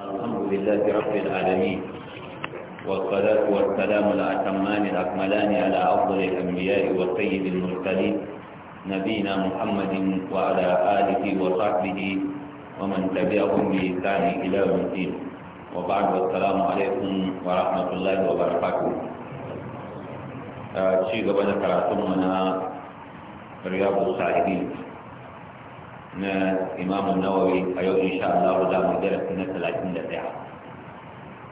الحمد لله رب العالمين والصلاة والسلام الأتمان الأكملان على أفضل الأنبياء والسيد المرسلين نبينا محمد وعلى آله وصحبه ومن تبعهم بإحسان إلى يوم الدين وبعد والسلام عليكم ورحمة الله وبركاته آه، شيء قبل كراتمنا رياض الصالحين na imamun nawawi a yau insha Allah za mu na talatin da ɗaya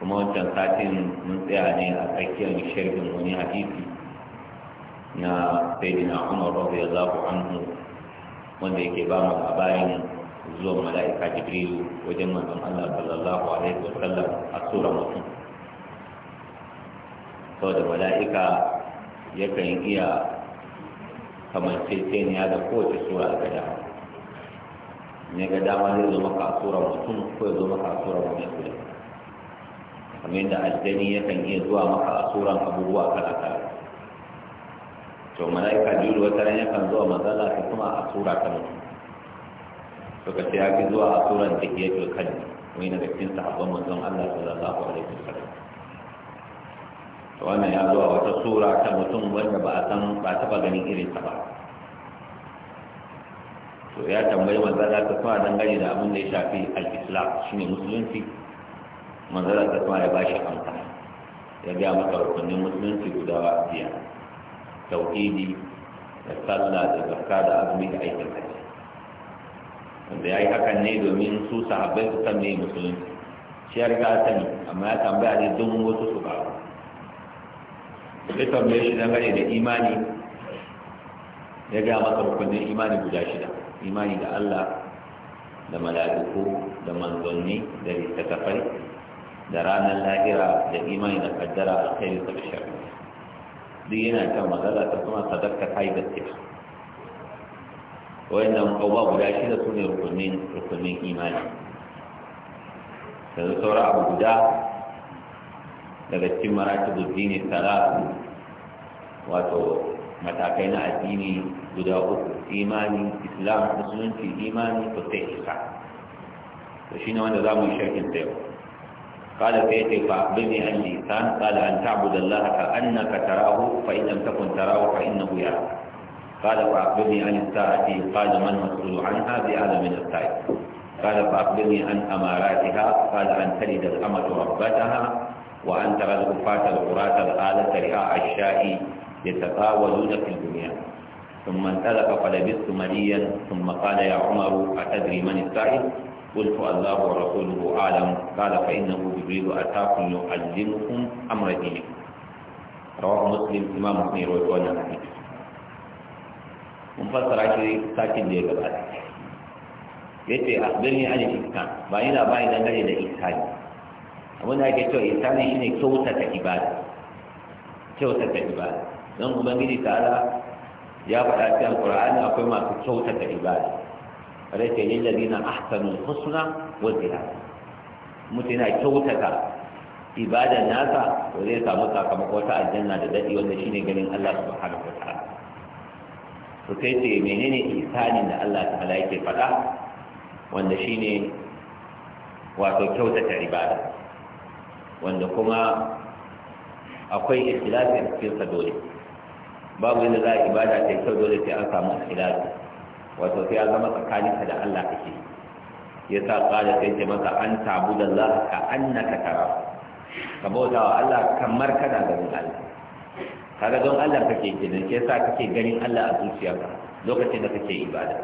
kuma wancan satin mun tsaya ne a tsakiyar shirgin wani hadisi na sayyidina Umar radiyallahu anhu wanda yake ba mu labarin zuwan mala'ika Jibril wajen manzon Allah sallallahu alaihi wa sallam a sura mutum saboda mala'ika yakan iya ya da kowace sura a gada ne ga dama zai zo maka a mutum ko ya zo maka a tsoron wani kamar yadda aljani yakan iya zuwa maka a tsoron abubuwa kala kala to mala'ika jiru wata ran yakan zuwa mazala ta kuma a tsora ta mutum to ka ya fi zuwa a tsoron da iya tulkali wani daga cikin sahabban mutum Allah sallallahu alaihi wasallam to wannan ya zuwa wata sura ta mutum wanda ba a san ba taba ganin irin ta ba to ya tambayi manzala ta kuma dangane da abin da ya shafi al-islam shine musulunci manzala ta kuma ya bashi amsa ya ga masa rukunin musulunci guda biya tauhidi da sallah da zakka da azumi da aikin hajji wanda ya yi hakan ne domin su sahabbai su san ne musulunci shi ya riga sani amma ya tambaya ne don wasu su ba sai tambaye shi dangane da imani ya ga masa rukunin imani guda shida imani da Allah da mala'iku da manzanni da littattafai da ranar lahira da imani da kaddara kai da shari'a. duk yana kan magana ta kuma sadaka kai gaskiya wayannan abubuwa guda shida su ne rukunin imani yanzu sauran abu guda daga cikin maratibu dini tara wato matakai na addini guda uku imani islam musulunci imani to sai isa to shine wanda zamu yi sharhin sa yau qala fa yati fa bini an lisan qala an ta'budu allah ka annaka tarahu fa in lam takun tarahu fa innahu yara. Kada fa akhbirni an as-sa'ati qala man mas'ulu anha bi a'lam min as-sa'i qala fa akhbirni an amaratiha kada an talid al-amatu rabbataha وأن ترى الكفاة العراة الآلة رئاء الشاء يتطاولون في الدنيا ثم انطلق فلبثت مليا ثم قال يا عمر أتدري من السائل قلت الله ورسوله أعلم قال فإنه جبريل أتاكم يعلمكم أمر دينكم رواه مسلم إمام مسلم رواه وانا حديث مفسر عشري ساكن دي قبل yace akhbirni an ihsan ba ina ba idan gare da ihsani abin da ake cewa ihsani shine kyautata ibada kyautata ibada don ubangiji ta'ala ya faɗa cikin alqur'ani akwai masu kyautata ibada rake lil ladina ahsanul husna wa ziyada Mutu yana kyautata ibadar nasa ko zai samu sakamako ta aljanna da dadi wanda shine ganin Allah subhanahu wa ta'ala to sai ce menene isanin da Allah ta'ala yake faɗa wanda shine wato kyautata ibada wanda kuma akwai ikhlasi a dole babu yadda za a ibada ta kyau dole sai an samu ikhlasi wato sai an zama tsakaninka da Allah kake ya sa tsada sai ce maka an tabu da za ka annaka tara ka bauta wa Allah kamar kana ganin Allah kaga don Allah kake kenan ke sa kake ganin Allah a zuciyarka lokacin da kake ibada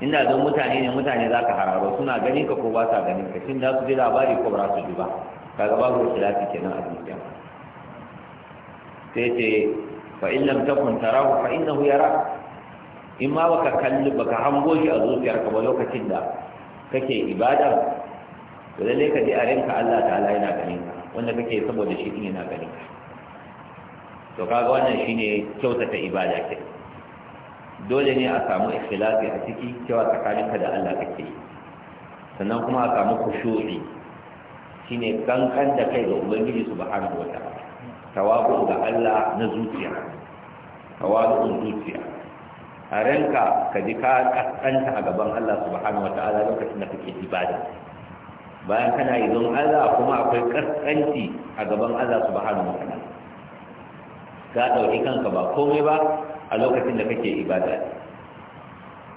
inda don mutane ne mutane za ka hararo suna ganin ka ko ba sa ganin ka shin za su ji labari ko ba su ji ba kaga babu ikhlasi kenan a zuciyarka sai ce fa in lam takun tarahu fa innahu yara in ma baka kalli baka hango shi a zuciyarka ba lokacin da kake ibada to lalle ka ji a ranka Allah ta'ala yana ganin wanda kake saboda shi yana ganin to kaga wannan shine kyautata ibada ke dole ne a samu ikhlasi a ciki cewa tsakaninka da Allah kake yi sannan kuma a samu kushu'i shine kankan da kai ga ubangiji subhanahu wataala tawabu ga Allah na zuciya tawabu zuciya a ranka ka ji ka kaskanta a gaban Allah subhanahu wataala lokacin da kake ibada bayan kana yi don Allah kuma akwai kaskanci a gaban Allah subhanahu wataala ka dauki kanka ba komai ba a lokacin da kake ibada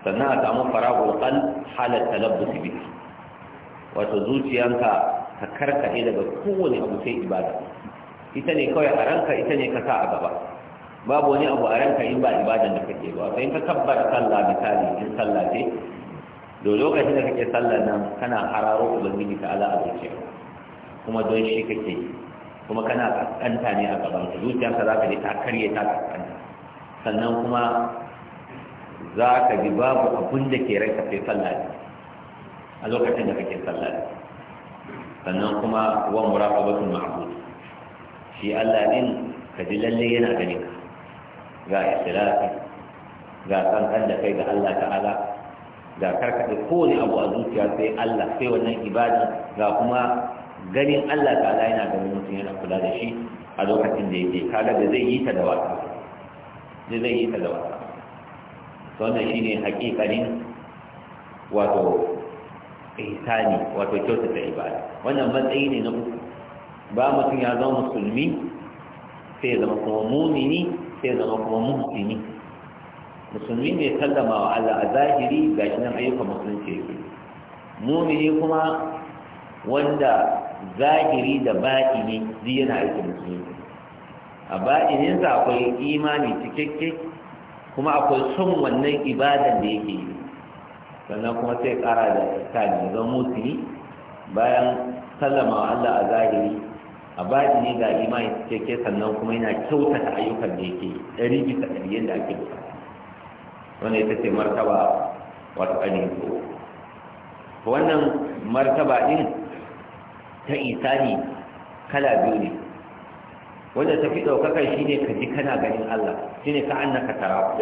sannan a samu faragul qal halat talabbus bihi wato zuciyanka ka karkade daga kowane abu sai ibada ita ne kawai a ranka ita ne ka sa a gaba babu wani abu a ranka in ba ibadan da kake ba sai ka tabbata sallah misali in sallah ce da lokacin da kake sallar nan kana hararo ubangiji ta ala a zuciya kuma don shi kake kuma kana kaskanta ne a gaban ka zuciyarka za ka je ta karye ta kaskanta sannan kuma za ka ji babu abin da ke ranka sai sallah a lokacin da kake sallah sannan kuma wa muraqabatul ma'bud shi Allah din ka ji lalle yana ganin ka ga ikhlasi ga kankan da kai ga Allah ta'ala ga karkaɗe kowane abu a zuciya sai Allah sai wannan ibada ga kuma ganin Allah ta'ala yana ganin mutum yana kula da shi a lokacin da yake kaga da zai yi ta da wasa da zai yi ta da wasa to wannan shine hakikanin wato ihsani wato kyautata ibada wannan matsayi ne na uku ba mutum ya zama musulmi sai zama kuma mumini sai zama kuma mumini musulmi mai sallama wa Allah a zahiri ga shi nan ayyukan musulunci yake mumini kuma wanda zahiri da ba'ini duk yana aikin musulunci a ba'ininsa akwai imani cikakke kuma akwai son wannan ibadan da yake yi sannan kuma sai kara da tsari zama musulmi bayan sallama wa Allah a zahiri a baɗi ne ga imani cikakke sannan kuma yana kyautata ayyukan da yake ɗari bisa ɗari yadda ake buƙata. wannan ita ce martaba wato ainihin ko wannan martaba ɗin ta isani kala biyu ne wanda ta fi ɗaukakar shi ne ka ji kana ganin Allah shi ne ka annaka tara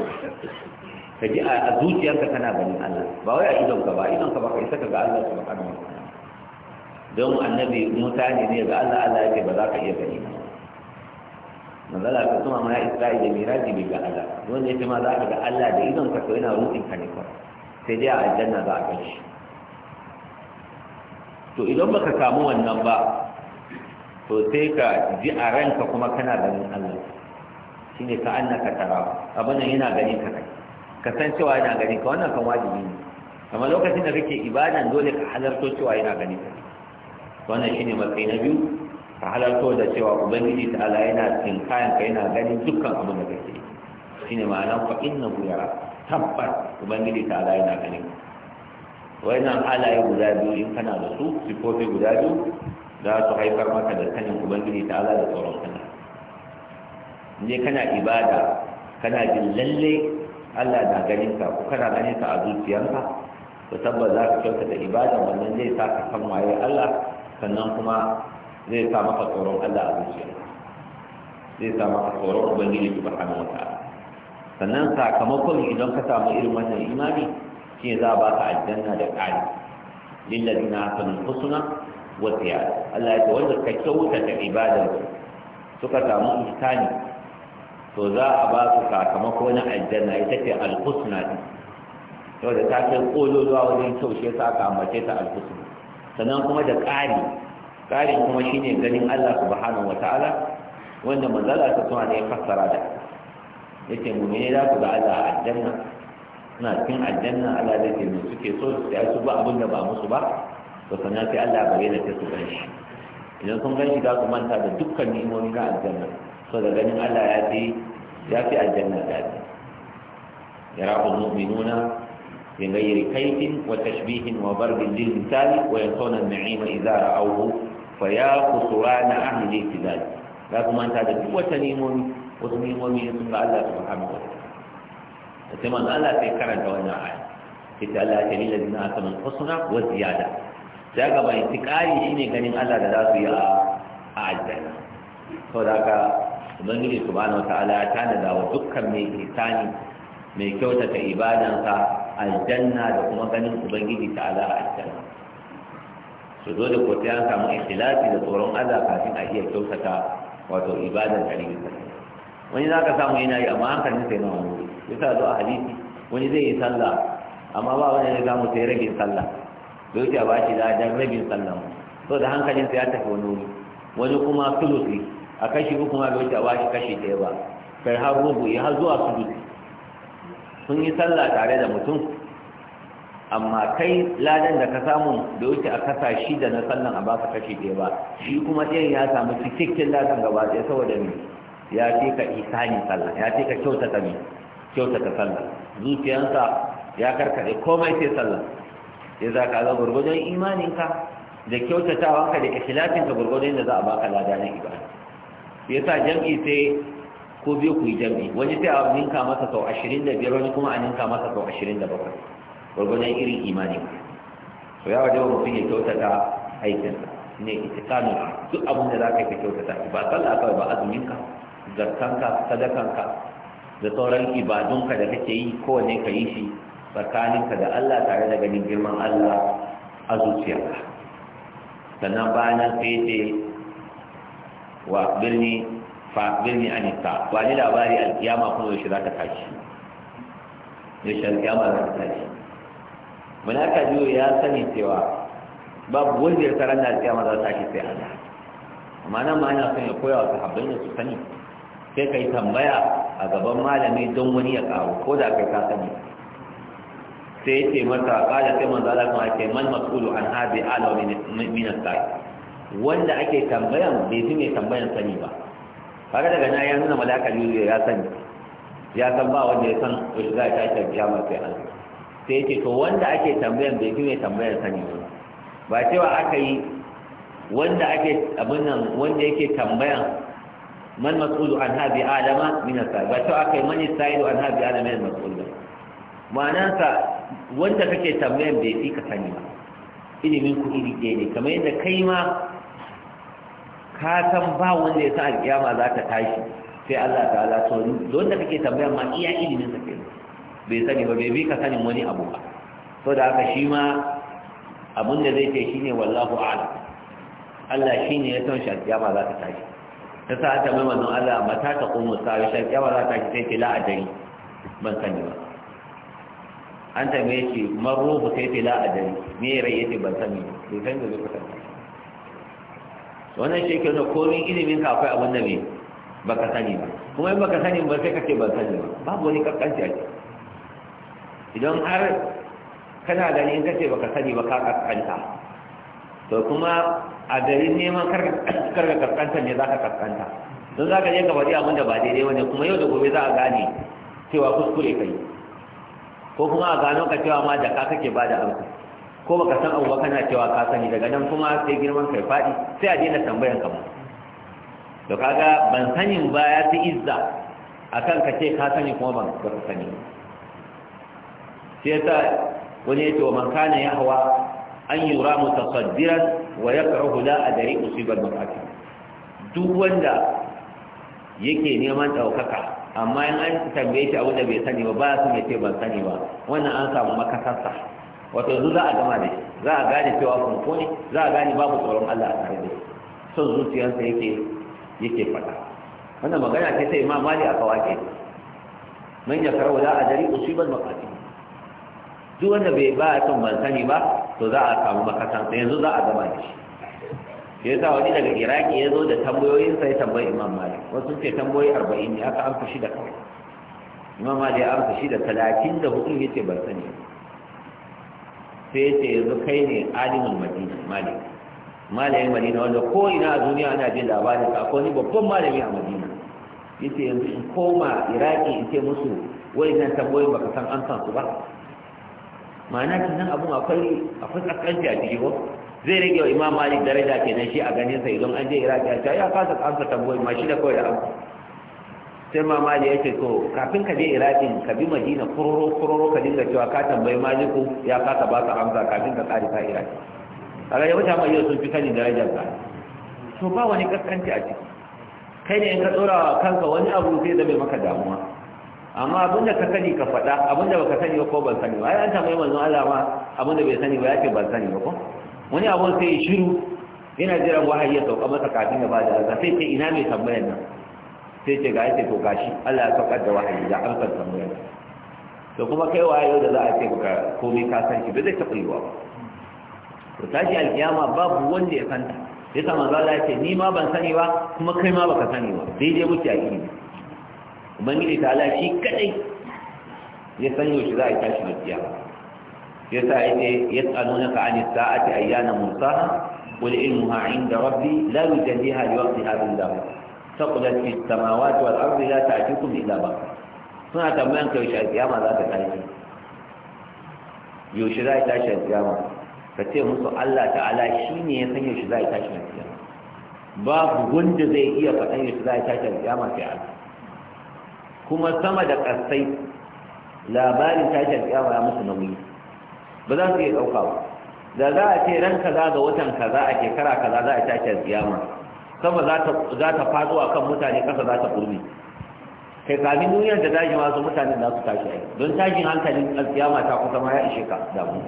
ka ji a zuciyarka kana ganin Allah ba wai a idonka ba idonka ba ka isa ka ga Allah subhanahu wa don annabi mutane ne ga Allah Allah yake ba za ka iya gani ba manzala ka kuma ma isra'i da miraji bai ga Allah wanda yake ma za ka ga Allah da idon ka to yana rufin ka ne kawai sai dai a aljanna za a ga shi to idan baka samu wannan ba to sai ka ji a ranka kuma kana ganin Allah shine ka annaka tara abin nan yana gani ka kai ka san cewa yana gani ka wannan kan wajibi ne amma lokacin da kake ibadan dole ka halarto cewa yana gani ka wannan shine matsayi na biyu ka halarto da cewa ubangiji ta ala yana tinkayan ka yana ganin dukkan abu da kake shine ma'ana fa inna yara tabbat ubangiji ta ala yana ganin wayannan halaye guda biyu in kana da su sifofi guda biyu za su haifar maka da sanin ubangiji ta ala da tsoron kana ne kana ibada kana jin lalle Allah na ganin ka ko kana ganin ka a zuciyarka to tabbas za ka kyautata ibada wannan zai sa ka san waye Allah sannan kuma zai sa maka tsoron Allah a zuciya zai sa maka tsoron ubangiji subhanahu wa ta'ala sannan sakamakon idan ka samu irin wannan imani shine za a baka aljanna da ƙari na hasanul husna wa ziyada Allah ya ce wanda ka kyautata ibadar suka samu ihsani to za a ba su sakamako na aljanna ita ce alhusna yau da ta kai kololuwa wajen kyau shi ya sa ka ambace ta alhusna sannan kuma da ƙari ƙarin kuma shine ganin Allah subhanahu wataala wanda manzala ta tuna ne fassara da mu mu'mini za ku ga Allah a aljanna suna cikin aljanna Allah zai ce mu suke so su ya su ba abin da ba musu ba to sannan sai Allah ba yana ta su gan shi idan sun gan shi za ku manta da dukkan ni'imomi na aljanna so da ganin Allah ya fi ya fi aljanna da ya rabu mu'minuna بغير كيف وتشبيه وضرب للمثال ويلقون النعيم إذا رأوه فيا خسران أهل الاعتدال لكم أنت هذا قوة نيمون وسنيمون يسمى الله سبحانه وتعالى كما أن الله سيكرن دون آية لا تليل الذين آتموا الحسنى والزيادة ذاك ما انتقالي شيني غنين الله لذاته يا أعزنا فذاك Ubangiji subhanahu wa ta'ala ya tanada wa dukkan mai ihsani mai kyautata ibadansa aljanna da kuma ganin ubangiji ta ala aljanna su zo da kotu an samu ikhlasi da tsoron Allah kafin a iya kyautata wato ibadan da rikin wani za ka samu yana yi amma hankalin sai na wani yasa zo a hadisi wani zai yi sallah amma ba wani ne zamu sai rabin sallah dole a bashi dan rabin sallah to da hankalin sai ya tafi wani wuri wani kuma sulusi a kashi uku ma dole a bashi kashi ɗaya ba kai har rubu ya har zuwa sulusi sun yi sallah tare da mutum amma kai ladan da ka samu da wuce a kasa shi da na sallan a baka kashi ɗaya ba shi kuma ɗayan ya samu cikakken ladan gaba ɗaya saboda me ya ce ka isani sallah ya ce ka kyautata me kyautata sallah zuciyansa ya karkaɗe komai sai sallah Ya za ka zama gurgudun imaninka da kyautatawanka da ikhlasinka gurgudun da za a baka lada na ibada yasa jam'i sai ko biyu ku yi jam'i wani sai a ninka masa sau ashirin da biyar wani kuma a ninka masa sau ashirin da bakwai gwargwadon irin imanin to ya wajen mutum ya kyautata aikinsa ne itikanu duk abin da za ka yi ka kyautata ba sallah kawai ba azuminka zartanka sadakanka da sauran ibadunka da kake yi kowane ka yi shi tsakaninka da Allah tare da ganin girman Allah a zuciyarka sannan bayan sai ce wa birni fa birni an ta ba ni labari alkiyama kuma yaushe za ta tashi yaushe alkiyama za ta tashi munaka biyu ya sani cewa babu wanda ya tarar da alkiyama za ta tashi sai Allah amma nan ma yana son ya koya wa sahabbai ne su sani sai ka yi tambaya a gaban malami don wani ya kawo ko da kai ka sani sai ce masa kala sai manzo Allah kuma ce man mas'ulu an hadi ala min as wanda ake tambayan bai fi mai tambayan sani ba kaga daga nan ya nuna malaka ne ya san ya san ba wanda ya san yaushe za a tashi kiyama sai an sai yake to wanda ake tambayan bai fi mai tambayan sani ba ba cewa aka yi wanda ake abin nan wanda yake tambayan man mas'ulu an hadhi alama min as ba cewa aka yi man as ido an hadhi alama min mas'ulu ba sa wanda kake tambayan bai fi ka sani ba ilimin ku iri ɗaya ne kamar yadda kai ma ka san ba wanda ya san alƙiyama za ta tashi sai Allah ta'ala to don da kake tambayar ma iya ilimin sa kenan bai sani ba bai bi ka sanin wani abu ba to da haka shi ma abin da zai ce shine wallahu a'lam Allah shine ya san alƙiyama za ta tashi ta sa ta mai manzon Allah mata ta kuma sai alkiyama za ta tashi sai fila adari ban sani ba an tambaye shi man ruhu sai fila adari me rai yace ban sani bai san da zai kwatanta wannan shi ke komi ilimin ka akwai abin da mai baka sani ba kuma in baka sani ba sai ka ce ba sani ba babu wani kakkanci a idan har kana gani in ka ce ba ka sani ba ka kakkanta to kuma a garin neman karka kakkanta ne za ka kakkanta don za ka je ka faɗi abin da ba daidai wani kuma yau da gobe za a gane cewa kuskure kai ko kuma a gano ka cewa ma da ka kake ba da amsa ko baka san abu kana cewa ka sani daga nan kuma sai girman kai faɗi sai a daina tambayan ka to kaga ban sanin ba ya fi izza akan ka ce ka sani kuma ban ka sani sai ta wani ya ce wa man kana hawa an yura mutasaddiran wa yakrahu la adari usibar duk wanda yake neman ɗaukaka amma in an tambaye shi abu da bai sani ba ba su mai ce ban sani ba wannan an samu makasarsa wato yanzu za a gama ne za a gane cewa kunko ne za a gane babu tsoron Allah a tare da son zuciyarsa yake yake fada wannan magana ce ta imam mali a kawake man ya karwa a ajari usibar maqati duk wanda bai ba a son ban sani ba to za a samu makasan yanzu za a gama ne shi yasa wani daga iraki ya zo da tambayoyin sai tambayi imam mali wasu ce tambayoyi arba'in ne aka amsa shi da kawai imam mali ya amsa shi da talatin da hudu ya ce ban sani ba sai ya ce yanzu kai ne alimin madina malik malamin madina wanda ko ina a duniya ana jin labarin ka ko ni babban malami a madina yace yanzu in koma iraki in ce musu wai nan tambayoyin baka san an san su ba ma'ana kenan abun akwai akwai tsakanci a ciki ko zai rage wa imam malik daraja kenan shi a ganin sa idan an je iraki a ya kasa amsa tambayoyin ma shi da kawai da amsa sai ma ya yake to kafin ka je iraqin ka bi madina kuroro kuroro ka dinga cewa ka tambayi maliku ya kasa ba ka hamza kafin ka tsari ka iraqi kaga ya wuce mai sun fi sani darajar ka to ba wani kaskanci a ciki kai ne in ka tsora kanka wani abu sai zame maka damuwa amma da ka sani ka faɗa ba baka sani ba ko ban sani ba ai an tambayi manzon Allah ma da bai sani ba ya ce ban sani ba ko wani abu sai shiru yana jiran wahayi ya sauka masa kafin ya bada sai ce ina mai tambayar nan sai ce ga yake to gashi Allah ya saukar da wahayi ya amsar tambayar to kuma kai wayo da za a ce ka komai ka san shi ba zai taɓa yiwa ba to tashi alkiyama babu wanda ya santa ya sa manzo Allah ce ni ma ban sani ba kuma kai ma baka sani ba daidai muke a ilimi ubangiji ta Allah shi kadai ya san yau shi za a tashi alkiyama ya sa ya ce yas'alunaka anis sa'ati ayyana mursaha qul ilmuha da rabbi la yujalliha liwaqtiha illa huwa saqulat fi samawati wal ardi la ta'tikum illa ba suna tambayan kai shi kiyama za ta tashi yaushe za ta tashi kiyama ka ce musu Allah ta'ala shine ya san yaushe za ta tashi kiyama babu wanda zai iya faɗan yaushe za ta tashi kiyama sai Allah kuma sama da kasai labarin tashin kiyama ya musu nauyi ba za su iya ɗauka ba da za a ce ran kaza ga watan kaza a shekara kaza za a tashi kiyama sama za ta faɗo a kan mutane ƙasa za ta ƙurmi kai kamin duniyar da daji wasu mutane za su tashi ai don tashin hankalin alkiyama ta kusa ma ya ishe ka damu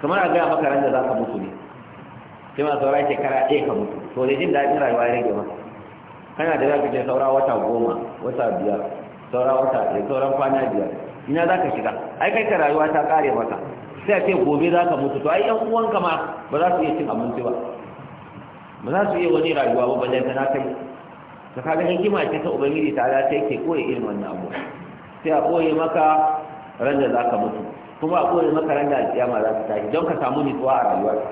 kamar a gaya maka da za ka mutu ne sai ma saura kara ɗaya ka mutu to da jin daɗin rayuwa ya rage maka kana da zafi ce saura wata goma wata biyar saura wata ɗaya sauran kwana biyar ina za ka shiga ai kai ka rayuwa ta ƙare maka sai a ce gobe za ka mutu to ai ƴan uwanka ma ba za su iya cin abinci ba ba za su iya wani rayuwa ba balle ta kai ta kaga hikima ce ta ubangiji ta ala ta yake koyi irin wannan abu sai a koyi maka ran da zaka mutu kuma a koyi maka ran da alƙiyama za ta tashi don ka samu nutsuwa a rayuwarka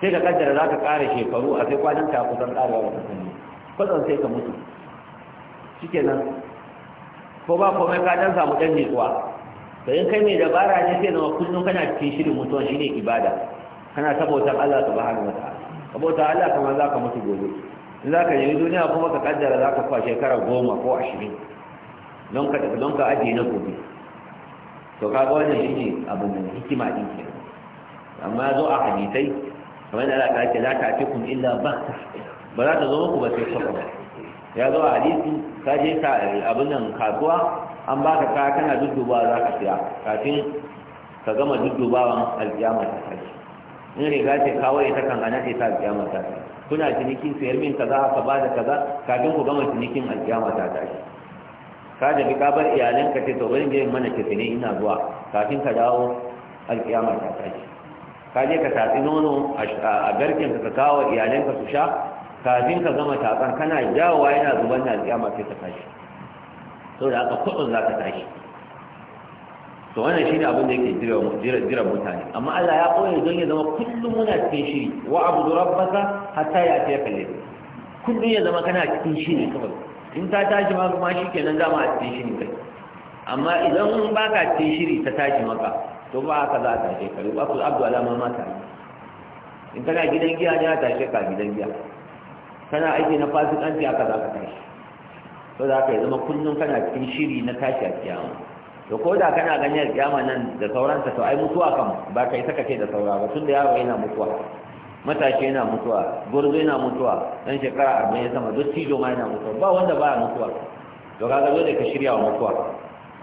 sai ka kaddara za ka ƙara shekaru a sai kwanan ka kusan ƙarewa ba ka sani kwatsan sai ka mutu shikenan ko ba komai ka dan samu dan nutsuwa da in kai mai dabara ne sai zama kullum kana cikin shirin mutuwa shine ibada kana sabotan Allah subhanahu ta'ala saboda Allah kamar za ka mutu gobe in za ka yi duniya kuma ka kaddara za ka kwa shekara goma ko ashirin don ka don ka ajiye na gobe to ka ga wannan shine abin da hikima din ke amma zo a hadisai kamar da Allah ta ce la ta'tikum illa baghta ba za ta zo muku ba sai ta kwakwam ya zo a hadisi ka je ka abin nan kasuwa an baka kaya kana dudduba za ka siya kafin ka gama duddubawan alkiyama ta tashi in riga ce kawai ta kan ana ce ta alƙiyama ta kuna ciniki sayar min kaza ka ba da kaza kafin ku gama cinikin alƙiyama ta tashi ka da bi kabar iyalen ka ce to bari ne mana ke ne ina zuwa kafin ka dawo alƙiyama ta tashi ka je ka tatsi nono a garken ka kawo iyalen ka su sha kafin ka gama tatsan kana jawowa yana zuban da alƙiyama ta tashi da haka kuɗin za ta tashi to wannan shine abin da yake jira jira mutane amma Allah ya koyar don ya zama kullum muna cikin shiri wa abudu rabbaka hatta ya ta kalle kullum ya zama kana cikin shiri kawai in ta tashi ma kuma shikenan dama a cikin shiri kai amma idan baka cikin shiri ta tashi maka to ba haka za ta tashi kai ba ku abdu ma mata in kana gidan giya ne ta tashi ka gidan giya kana aiki na fasikanci haka za ka tashi to za ka zama kullum kana cikin shiri na tashi a kiyama to ko da kana ganin alƙiyama nan da sauransa to ai mutuwa kam ba kai saka ce da saura ba tunda yaro yana mutuwa matashi yana mutuwa gurzo yana mutuwa dan shekara arba'in sama duk tijo ma yana mutuwa ba wanda baya mutuwa to zo dole ka shirya wa mutuwa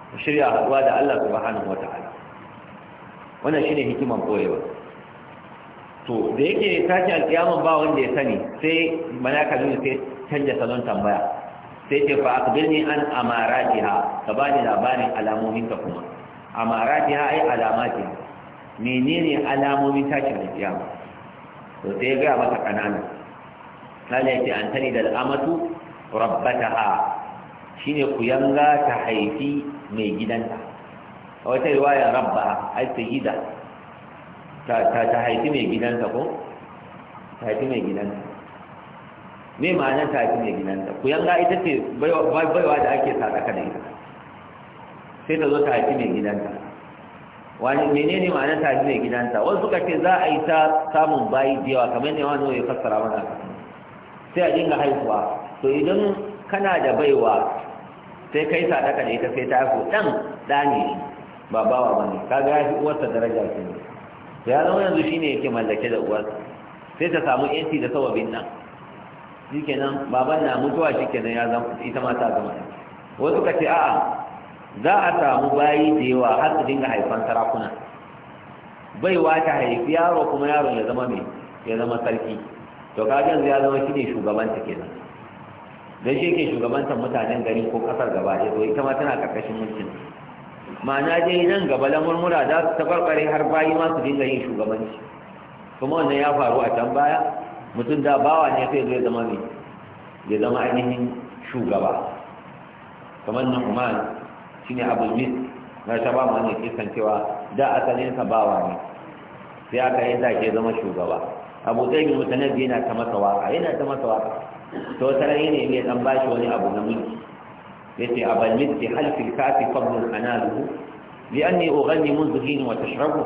ka shirya haɗuwa da Allah subhanahu wataala wannan shine hikiman koyewa to da yake tashi alƙiyaman ba wanda ya sani sai ka zo sai canja salon tambaya sai ce fa akbirni an amaratiha ka ba ni labarin alamomin ka kuma amarati ha ai alamati menene alamomin tashin alkiyama to sai ga mata kanana kala yake an tani da al'amatu rabbataha shine kuyanga ta haifi mai gidanta a wata riwaya rabba ai ta gida ta ta haifi mai gidanta ko ta haifi mai gidanta me ma'anar ta haifi mai gidanta kuyanga ita ce baiwa da ake sadaka da ita sai ta zo ta haifi mai gidanta wani menene ma'anar ta haifi mai gidanta wasu suka ce za a yi ta samun bayi da yawa kamar ne wani ya fassara mana sai a dinga haihuwa to idan kana da baiwa sai kai sadaka da ita sai ta haifu dan da ne ba bawa Ka ga ya fi uwarsa daraja ce to ya zama yanzu shine yake mallake da uwarsa sai ta samu yanci da sababin nan kenan baban na mutuwa kenan ya zama ita ma ta zama wasu ka ce a'a za a samu bayi da yawa har su dinga haifan sarakuna Bai ta haifi yaro kuma yaron ya zama mai ya zama sarki to kaga yanzu ya zama ne shugabanta kenan dan shi ke shugabantar mutanen gari ko kasar gaba ya zo ita ma tana karkashin mulkin ma'ana dai nan gaba da murmura za su tabarbare har bayi ma su dinga yin shugabanci kuma wannan ya faru a can baya mutum da bawa ne sai zai zama mai ya zama ainihin shugaba kamar na umar shine abul mis na sha ba mu ne kisan cewa da asalin sa bawa ne sai aka yi da zama shugaba abu zai bi mutanabbi yana ta masa waka yana ta masa waka to sarai ne mai dan bashi wani abu na mulki yace abal miski halfil kafi qabl analuhu li anni ughanni منذ حين وتشربه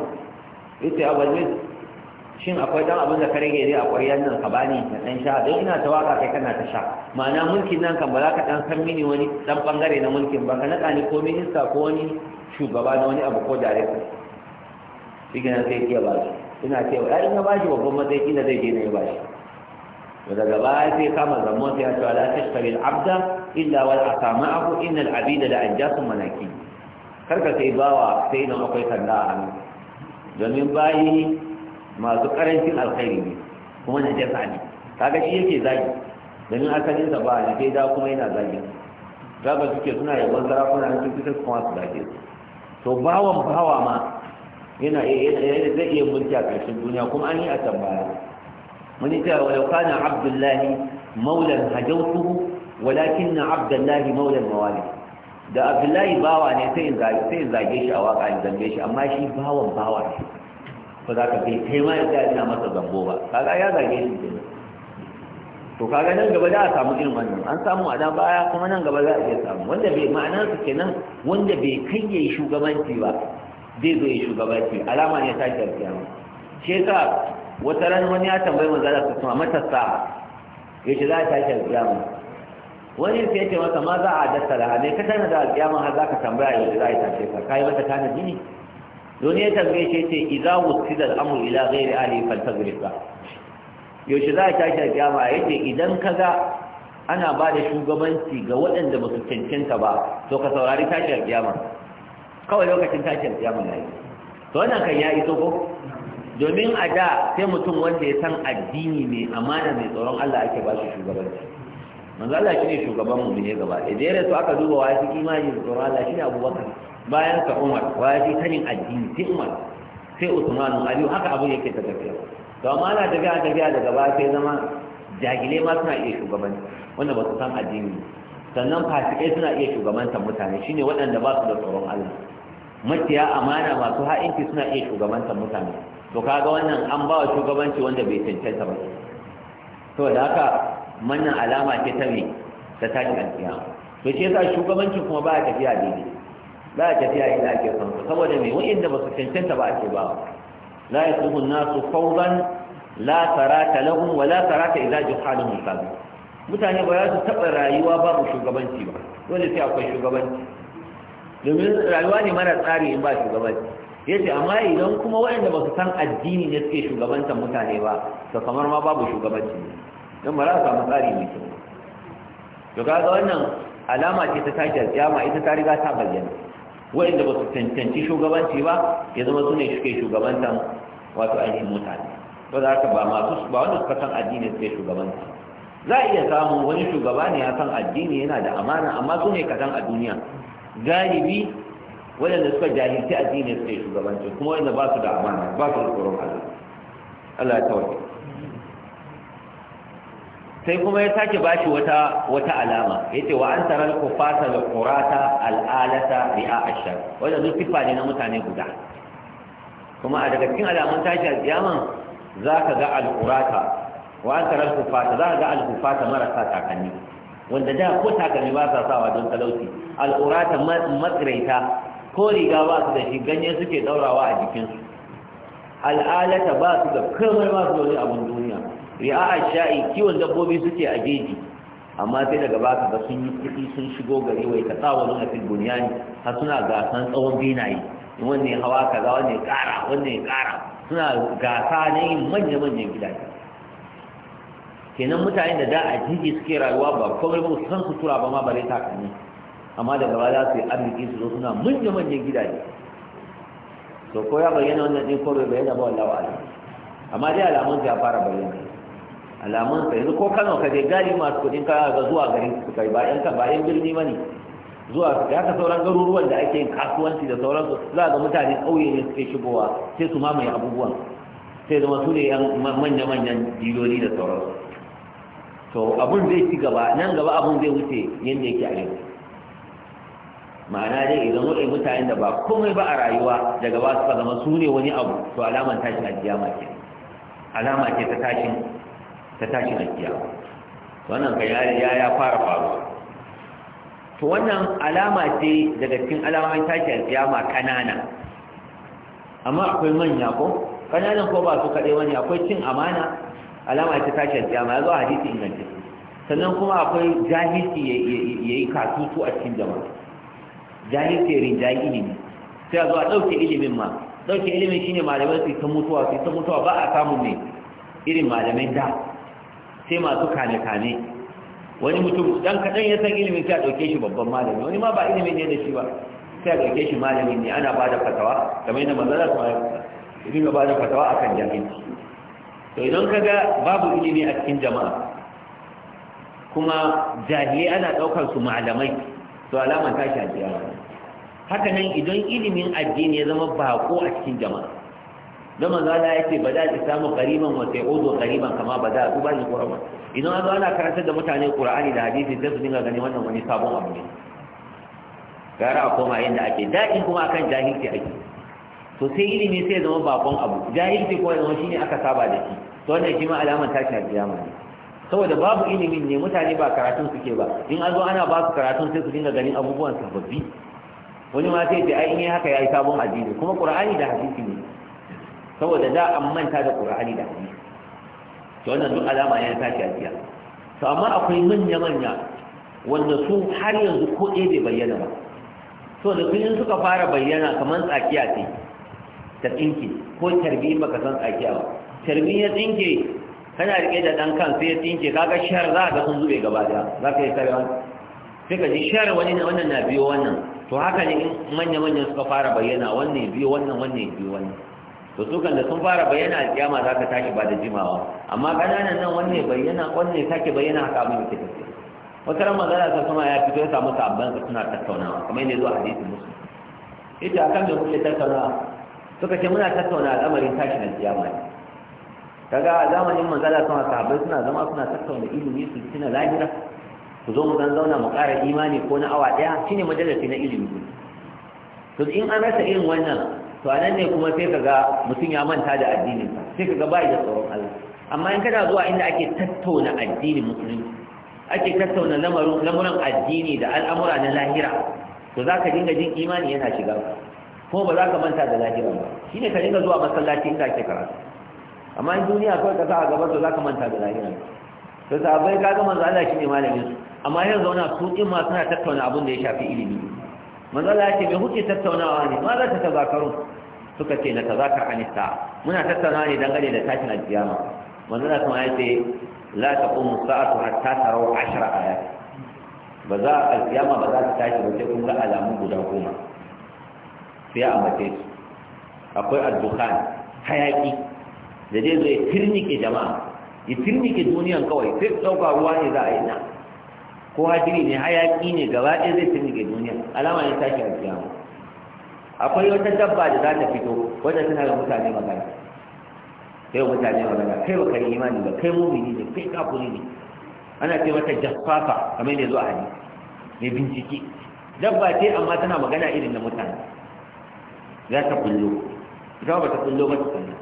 yace abal miski shin akwai dan abin da ka rage dai a ƙwaryar nan ka bani na ɗan sha don ina ta waka kai kana ta sha ma'ana mulkin nan kan ba za ka dan san mini wani ɗan ɓangare na mulkin ba ka naɗa ni ko minista ko wani shugaba na wani abu ko darekta shi gina sai iya ba shi ina ce ya na ba shi babban matsayi kila zai je na yi ba shi daga baya sai kama zamo sai ya ce la tashtari al-abda illa wal asama'ahu innal abida la anjasun manaki karka sai bawa sai na akwai sanda a hannu domin bayi masu karancin alkhairi ne kuma na jasa ne kaga shi yake zagi domin asalin sa ba ne da kuma yana zagi zaba suke suna yabon sarakuna na cikin sai kuma su zage su to bawan bawa ma yana zai iya mulki a ƙarshen duniya kuma an yi a baya mun wa walau kana abdullahi maulan hajautuhu walakin na abdullahi maulan mawali da abdullahi bawa ne sai in zage shi a waka in zange shi amma shi bawan bawa ne ba za ka kai kai ma ya tsaya ina masa zambo ba kaga ya zage shi ke to kaga nan gaba za a samu irin wannan an samu a baya kuma nan gaba za a iya samu wanda bai ma'anar su kenan wanda bai kai yayi shugabanci ba zai zo ya shugabanci alama ne ta kiyama shi yasa wata ran wani ya tambayi manzo Allah ta kuma matasa ce za ta kiyama wani sai ya ce masa ma za a dasa laha ne ka tana da kiyama har za ka tambaya yace za a ta ka kai mata tanadi ne don ya tambaye ce ce idza wusida al-amru ila ghairi ahli faltaghrib ba yaushe za ka tashi kiyama yace idan kaga ana ba da shugabanci ga waɗanda ba su cancanta ba to ka saurari tashiyar kiyama kawai lokacin tashiyar kiyama na yi to wannan kan ya iso ko domin a da sai mutum wanda ya san addini mai amana mai tsoron Allah ake ba shi shugabanci manzo Allah shine shugaban mu ne gaba idan ya su aka duba wa shi imani da tsoron Allah shine Abubakar bayan ka umar wa ya fi sanin addini sai umar sai usmanu aliyu haka abin yake ta tafiya to amma ana tafiya tafiya daga baya sai zama jahilai ma suna iya shugabanci wanda ba su san addini sannan fasikai suna iya shugabantar mutane shine waɗanda ba su da tsoron Allah maciya amana masu ha'inci suna iya shugabantar mutane to kaga wannan an ba wa shugabanci wanda bai cancanta ba to da haka wannan alama ce ta me ta tashi alkiyama to shi yasa shugabanci kuma ba ya tafiya daidai ba a tafiya inda ake son su saboda me wa'inda ba su cancanta ba ake ba la yasuhu nasu fawdan la sarata lahum wa la sarata idza halin musamman. mutane ba za su taɓa rayuwa babu shugabanci ba dole sai akwai shugabanci domin rayuwa ne mara tsari in ba shugabanci yace amma idan kuma waɗanda ba su san addini ne suke shugabantar mutane ba to kamar ma babu shugabanci ne don ba za su samu tsari mai kyau to kaga wannan alama ce ta tashi alƙiyama ita ta riga ta bayyana wa'inda ba su cancanci shugabanci ba ya zama su ne suke shugabantan wato ainihin mutane ba za ka ba masu ba wanda suka san addini suke shugabanta za a iya samun wani shugaba ne ya san addini yana da amana amma su ne kadan a duniya galibi waɗanda suka jahilci addini suke shugabanci kuma wanda ba su da amana ba su da tsoron Allah Allah ya tawaye sai kuma ya sake shi wata wata alama ce wa ku fata da kurata al'alata bi ri'a ashar wanda duk sifa ne na mutane guda kuma a daga cikin alamun tashi za ka ga an qurata ku fata. Za ka ga al marasa takanni wanda da ko takalmi ba sa sawa don talauci Al'kurata matsiraita ko riga ba su da shi ganye suke daurawa a jikinsu al'alata ba su da kamar ba su da wani abin duniya ri'a sha'i kiwon dabbobi suke a jeji amma sai daga baka ga sun yi kuɗi sun shigo gari wai ka tsawo nuna fil bunyani har suna gasan tsawon binaye wanne hawa kaza wanne ƙara wanne ƙara suna gasa ne yin manya-manyan gidaje kenan mutane da da a jiji suke rayuwa ba kawai ba su san ba ma bare takalmi amma daga baya su yi arziki su zo suna manya-manyan gidaje to ko ya bayyana wannan ɗin ko bai bayyana ba wallahi amma dai alamun ya fara bayyana alamun sa yanzu ko Kano ka je gari masu kudin kaya ga zuwa garin su kai ba yan ba yan birni ne zuwa su haka sauran garuruwan da ake yin kasuwanci da sauran su za ga mutane ƙauye ne suke shigowa sai su mamaye abubuwan sai zama su ne manya-manyan diloli da sauransu to abun zai ci gaba nan gaba abun zai wuce yadda yake a yanzu ma'ana dai idan wani mutanen da ba komai ba a rayuwa daga ba su zama su ne wani abu to alaman tashin ma ke alama ce ta tashin ta tashi da kiyawa wannan ga ya ya fara faru. to wannan alama ce daga cikin alamomin tashi da kiyama kanana amma akwai manya ko kananan ko ba su kaɗai wani akwai cin amana alama ce tashi da kiyama ya zo hadisi inganci sannan kuma akwai jahilci ya yi kasutu a cikin jama'a jahilci ya rinjayi ilimi sai a zo a ɗauke ilimin ma ɗauke ilimin shine malamai su ta mutuwa su ta mutuwa ba a samu ne irin malamai da sai masu kane-kane wani mutum dan kaɗan ya san ilimin sai a ɗauke shi babban malami wani ma ba ilimin ne da shi ba sai a ɗauke shi malami ne ana ba da fatawa kamar yadda manzara su ma ba da fatawa akan jahilci to idan ka ga babu ilimi a cikin jama'a kuma jahilai ana ɗaukar su malamai to alaman tashi a jiyama haka nan idan ilimin addini ya zama bako a cikin jama'a don manzo ya ce ba za ki samu qariban wa ozo ƙariban kama ba za a tuba ni qur'an idan an zo ana karantar da mutane ƙura'ani da hadisi zai su dinga gani wannan wani sabon abu ne gara a koma yadda ake daɗin kuma akan jahilci ake to sai ilimi sai zama bakon abu jahilci ko zama shine aka saba da shi to wannan shi ma alamar tashi a kiyama ne saboda babu ilimin ne mutane ba karatun suke ba in an zo ana ba su karatun sai su dinga ganin abubuwan sababbi wani ma sai ce ai in haka ya yi sabon addini kuma qur'ani da hadisi ne saboda da an manta da qur'ani da hadisi to wannan duk alama ne ta tafiya to amma akwai manya manya wanda su har yanzu ko ɗaya bai bayyana ba to da kun suka fara bayyana kamar tsakiya ce ta tsinke ko tarbi baka san tsakiya ba tarbi ya tsinke kana rike da dan kan sai ya tsinke kaga shar za ka sun zube gaba daya za ka yi karewa sai ka ji shar wani na wannan na biyo wannan to haka ne manya-manyan suka fara bayyana wannan biyo wannan wannan biyo wannan to su kan da sun fara bayyana a kiyama za ka tashi ba da jimawa amma ƙananan nan wanne bayyana wanne sake bayyana haka abin da ke tafiya wata ran magana ta sama ya fito ya samu sabban su suna tattaunawa kamar yadda zuwa hadisi musu ita akan da muke tattaunawa suka ce muna tattauna al'amarin tashi na kiyama ne kaga a zamanin manzala sama sahabbai suna zama suna tattauna ilimi su na lahira ku zo mu zanzauna zauna mu ƙara imani ko na awa ɗaya shine majalisi na ilimi to in an rasa irin wannan to anan ne kuma sai kaga mutum ya manta da addinin sai kaga bai da tsoron Allah amma in kana zuwa inda ake tattauna addinin musulunci ake tattauna lamuran addini da al'amura na lahira to za ka dinga jin imani yana shiga ko ba za ka manta da lahira ba shi ne ka dinga zuwa masallaci inda ake karatu amma in duniya kawai ka sa a gaba to za ka manta da lahira to sabai ka ga manzo Allah shine malamin su amma yanzu ana su ma suna tattauna abin da ya shafi ilimi manzala ya bai me tattaunawa ne ma za ta tazakarun suka ce na tazakar anista muna tattaunawa ne dangane da tashin alkiyama manzala kuma ya ce la taqumu sa'atu hatta tarau a ayat ba za alkiyama ba za ta tashi ba sai kun ga alamu guda goma sai a mace su akwai addukhan hayaki da zai zo ya tirnike jama'a ya tirnike duniyan kawai sai ɗauka ruwa ne za a yi na ko hadiri ne hayaki ne gaba ɗaya zai ga duniya alama ne tashi a kiyama akwai wata dabba da za ta fito wadda tana da mutane magana kai mutane magana kai baka yi imani ba kai mumini ne kai kafuri ne ana ce mata jaffafa kamar da zo a mai bincike dabba ce amma tana magana irin na mutane za ta kullo ita ba ta kullo ba ta kullo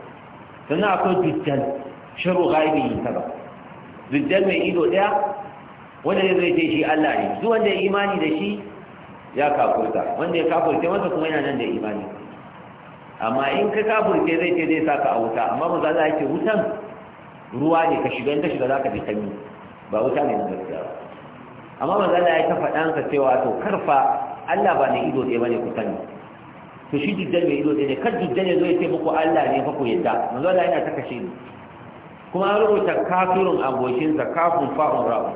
sannan akwai dujjal shiru gaibi yin ta ba dujjal mai ido ɗaya wanda ya zai ce shi Allah ne duk wanda ya imani da shi ya kafurta wanda ya kafurta masa kuma yana nan da imani amma in ka kafurta zai ce zai saka a wuta amma mu za ya ce wutan ruwa ne ka shiga in ka shiga za ka bi sanyi ba wuta ne na gaskiya ba amma manzo Allah yi ta faɗan ka cewa to karfa Allah ba ne ido ɗaya bane ku sani to shi dujjal mai ido ɗaya ne kar dujjal ya zo ya ce muku Allah ne fa ku yadda manzo Allah yana ta kashe ni kuma an rubuta kafirun abokinsa goshinsa kafin fa'un rabu.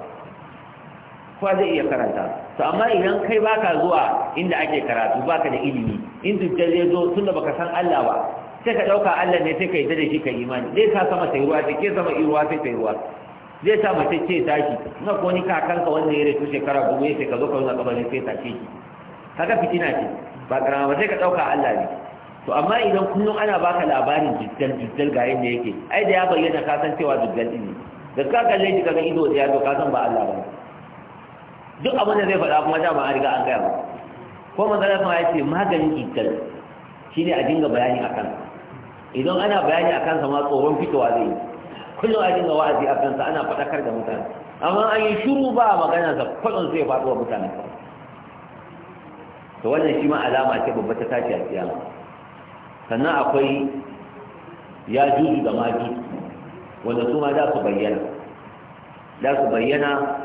kowa zai iya karanta to amma idan kai baka zuwa inda ake karatu baka da ilimi in dukkan zai zo tunda baka san Allah ba sai ka dauka Allah ne sai ka yi da shi ka imani zai sa sama ta ruwa take sama ruwa sai ta ruwa zai sa mace ce shi. na ko ni kakanka wanda ya rasu shekara goma sai ka zo ka zo kabarin sai tashi shi kaga fitina ce ba karama ba sai ka dauka Allah ne to amma idan kullum ana baka labarin dukkan dukkan ga yanda yake ai da ya bayyana ka san cewa jiddal ne da ka kalle shi kaga ido da ya to ka san ba Allah ba duk abin da zai faɗa kuma dama a riga an gaya ba ko manzara kuma ya ce maganin cutar ne a dinga bayani a kansa idan ana bayani a kansa ma tsoron fitowa zai yi kullum a dinga wa'azi a kansa ana faɗakar da mutane amma an yi shiru ba magana sa kwaɗon zai faɗo wa mutane to wannan shi ma alama ce babba ta tashi a siyama sannan akwai ya juju da maji wanda su ma za su bayyana za su bayyana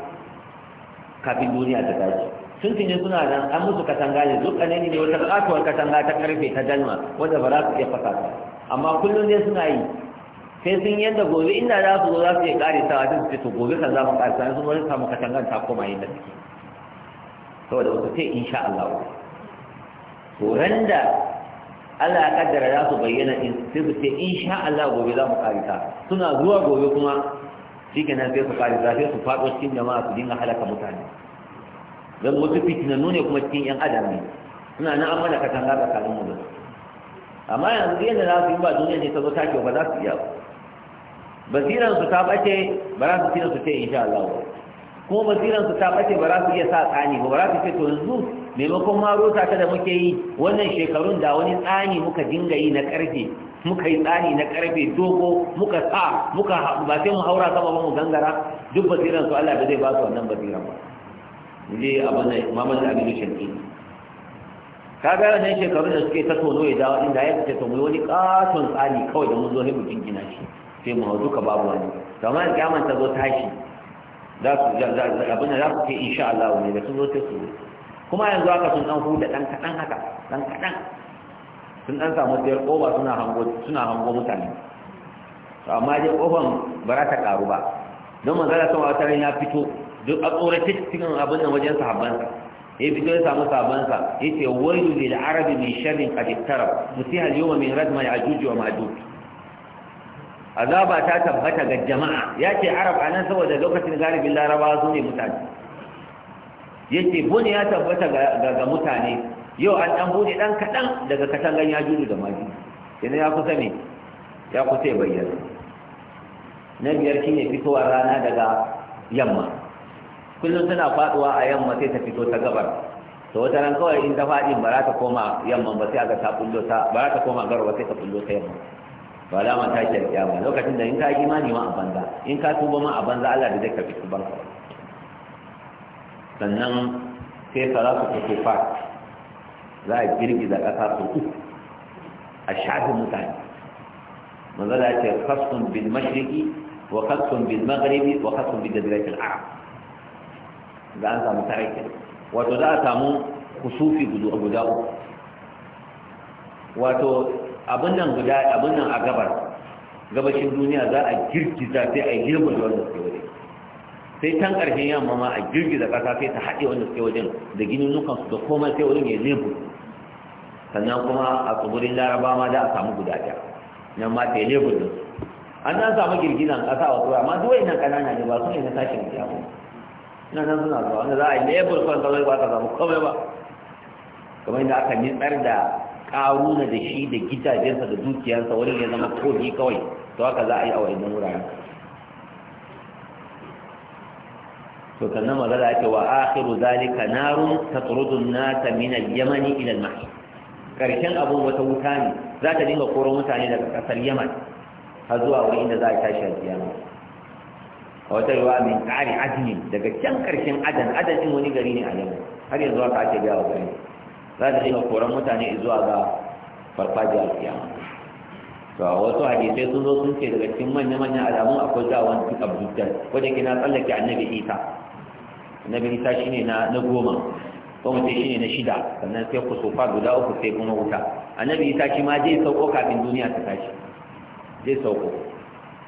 kafin duniya ta tashi sun tuni suna nan an musu katanga ne duk ne ne wata katuwar katanga ta karfe ta dalma wanda ba za su iya fasa ta amma kullum ne suna yi sai sun yadda gobe inda za su zo za su iya kare ta wajen su ce to gobe kan za mu kare ta sun wani samu katangan ta koma da suke saboda wata sai insha Allah to ran da Allah ya kaddara za su bayyana in sai su ce insha Allah gobe za mu kare ta suna zuwa gobe kuma shi kenan sai su kare zafi su faɗo cikin jama'a su dinga halaka mutane don wasu fitinannu ne kuma cikin yan adam ne suna nan amma da katanga tsakanin mu da amma yanzu yadda za su yi ba duniya ne ta zo ta ba za su iya ba basiran su ta bace ba za su tira su ce insha Allah ko basiransu su ta bace ba za su iya sa tsani ba za su ce to yanzu maimakon ma rota ta da muke yi wannan shekarun da wani tsani muka dinga yi na karfe muka yi tsani na karfe dogo muka sa muka ba sai mu haura sama ba mu gangara duk basiran su Allah ba zai ba su wannan basiran ba je abin da Muhammad Aminu ka ga wannan shekarun da suke ta tono ya dawo inda ya to mu wani katon tsani kawai da mun zo ne mu jingina shi sai mu hau duka babu wani to amma kiyaman ta zo tashi za su abin da za su ke insha Allah ne da sun zo sai su kuma yanzu haka sun dan huda dan kadan haka dan kadan sun dan samu tsayar koba suna hango suna hango mutane amma dai kofan ba za ta karu ba don manzala sun wata ya fito duk a tsorace cikin abin da wajen sahabbansa ya fito ya samu sahabbansa ya ce wailu lil arabi min sharrin qad ittara musiha al yawma min radma ya'juj wa ma'juj azaba ta tabbata ga jama'a ya ce arab a nan saboda lokacin galibin laraba su ne mutane ya ce buni ya tabbata ga mutane yau an ɗan buni ɗan kaɗan daga katangan ya juru da maji yana ya kusa ne ya kusa ya bayyana na biyar shi ne fitowar rana daga yamma kullum suna faɗuwa a yamma sai ta fito ta gabar to wata ran kawai in ta faɗi ba za ta koma yamma ba sai a ga ta kullo ta ba za ta koma garba sai ta kullo ta yamma to alama ta ke kiyama lokacin da in ka yi imani ma a banza in ka tuba ma a banza Allah da zai karbi tuban ka sannan sai salatu kutufa za a girgiza ƙasa su uku a shafin mutane manzala ce kaskun bil mashriki wa kaskun bil maghribi wa kaskun bil jaziratul arab za a samu tarihi wato za a samu kusufi guda uku wato abin nan guda abin nan a gabar gabashin duniya za a girgiza sai a girgiza wanda suke waje. sai tan ƙarshen yamma ma a girgiza ƙasa sai ta haɗe wanda suke wajen da ginin nukan su da komai sai wurin ya lebu sannan kuma a tsibirin laraba ma za a samu guda ɗaya nan ma ta lebu din an nan samu a ƙasa a wasu amma duk nan ƙanana ne ba su ne na tashin kiyama ina nan suna zuwa wanda za a yi lebu kwan kawai ba ka samu komai ba kamar yadda aka nitsar da karuna da shi da gidajensa da dukiyarsa wani ya zama kogi kawai to haka za a yi a wa'annan wuraren to sannan magana ake wa akhiru zalika narun ta an-nasa min al-yamani ila al-mahshi karshen abun wata wuta ne za ta dinga koron mutane daga kasar yaman har zuwa wani inda za a tashi a kiyama a wata ruwa min tsari adinin daga can karshen adan adan wani gari ne a yaman har yanzu haka ake biya wa gari za ta dinga koran mutane zuwa ga farfajiyar kiyama to a wasu hadisai sun zo sun ce daga cikin manya-manyan alamun akwai zawon duk abdujjal wadda ke na tsallake annabi isa annabi isa shine na na goma ko mutum shine na shida sannan sai ku sofa guda uku sai kuma wuta annabi isa shi ma zai sauko kafin duniya ta tashi zai sauko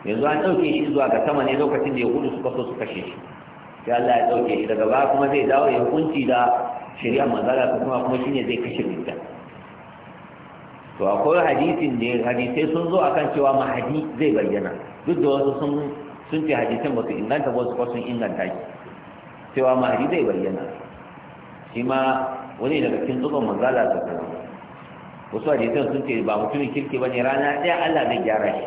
yanzu an ɗauke shi zuwa ga sama ne lokacin da ya gudu suka so su kashe shi sai Allah ya ɗauke shi daga baya kuma zai dawo ya hukunci da shari'a mazala ta kuma kuma shine zai kashe mutum to akwai hadisin ne hadisai sun zo akan cewa mahadi zai bayyana duk da wasu sun sun ce hadisin ba su inganta ba su sun inganta shi cewa mahadi zai bayyana shi ma wani daga cikin zuban mazala ta kuma wasu hadisan sun ce ba mutumin kirki ba ne, rana ɗaya Allah zai gyara shi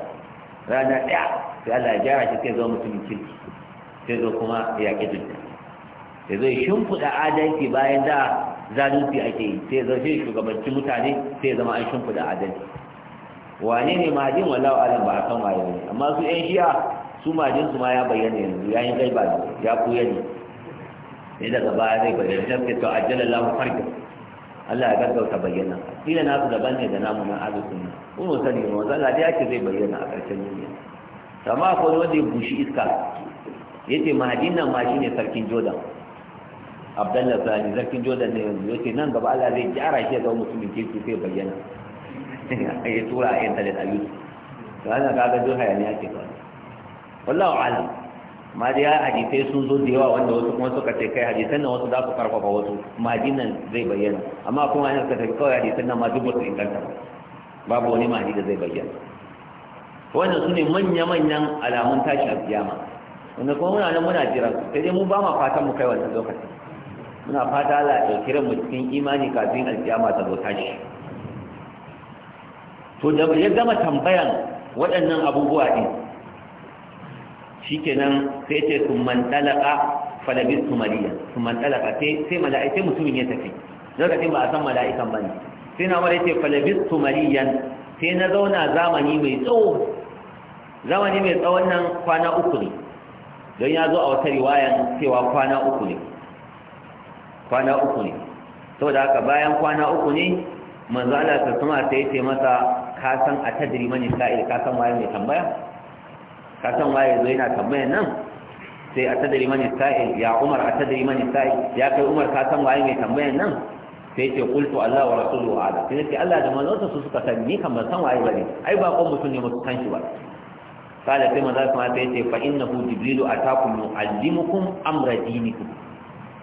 rana ɗaya sai Allah ya gyara shi sai zo mutumin kirki sai zo kuma ya ƙi dukkan ya zai shimfiɗa adalci bayan da zalunci ake yi sai zai shi shugabanci mutane sai zama an shimfiɗa adalci wane ne mahadin wallahu alam ba a san waye ne amma su yan shiya su majin su ma ya bayyana yanzu ya yi gaiba ne ya koya ne sai daga baya zai bayyana ta ce to ajjala lahu farka Allah ya gaggauta bayyana kila na su daban ne da namu na azu nan. mun sani ne wanda Allah ya ce zai bayyana a ƙarshen duniya amma akwai wanda ya bushi iska yace mahadin nan ma shine sarkin Jordan abdallah sani zakin jordan ne yanzu yake nan gaba allah zai gyara shi ya zama ke su sai bayyana ya tura a intanet a youtube to ana kaga duk hayaniya ke kawai wallahu alam ma dai hadisai sun zo da yawa wanda wasu kuma suka ce kai hadisan nan wasu za su karfafa wasu madinan zai bayyana amma kuma yana suka tafi kawai hadisan nan ma duk wasu inganta babu wani mahdi da zai bayyana wannan su ne manya-manyan alamun tashi a kiyama wanda kuma muna nan muna jira sai dai mu ba ma fatan mu kai wannan lokacin Suna fata Allah ya kira mu cikin imani kafin alkiyama ta zo tashi to da ya gama tambayan waɗannan abubuwa ɗin shikenan sai ce su mantalaka falabis sumariya su mantalaka sai mala'ika mutumin ya tafi lokacin ba a san mala'ikan ba ne sai na mara ce falabis sumariyan sai na zauna zamani mai tsawo zamani mai tsawon nan kwana uku ne don ya zo a wata riwayan cewa kwana uku ne kwana uku ne saboda haka bayan kwana uku ne manzo Allah ta kuma sai ce masa ka san a tadri mani sa'il ka san waye mai tambaya ka san waye zo yana tambayan nan sai a tadri mani sa'il ya Umar a tadri mani sa'il ya kai Umar ka san waye mai tambayan nan sai ce qultu Allah wa rasuluhu ala sai ce Allah da manzonsa su suka san ni kan ban san waye bane ai ba kon mutum ne mutum kan shi ba kala sai manzo kuma sai ce fa innahu jibrilu atakum yu'allimukum amra dinikum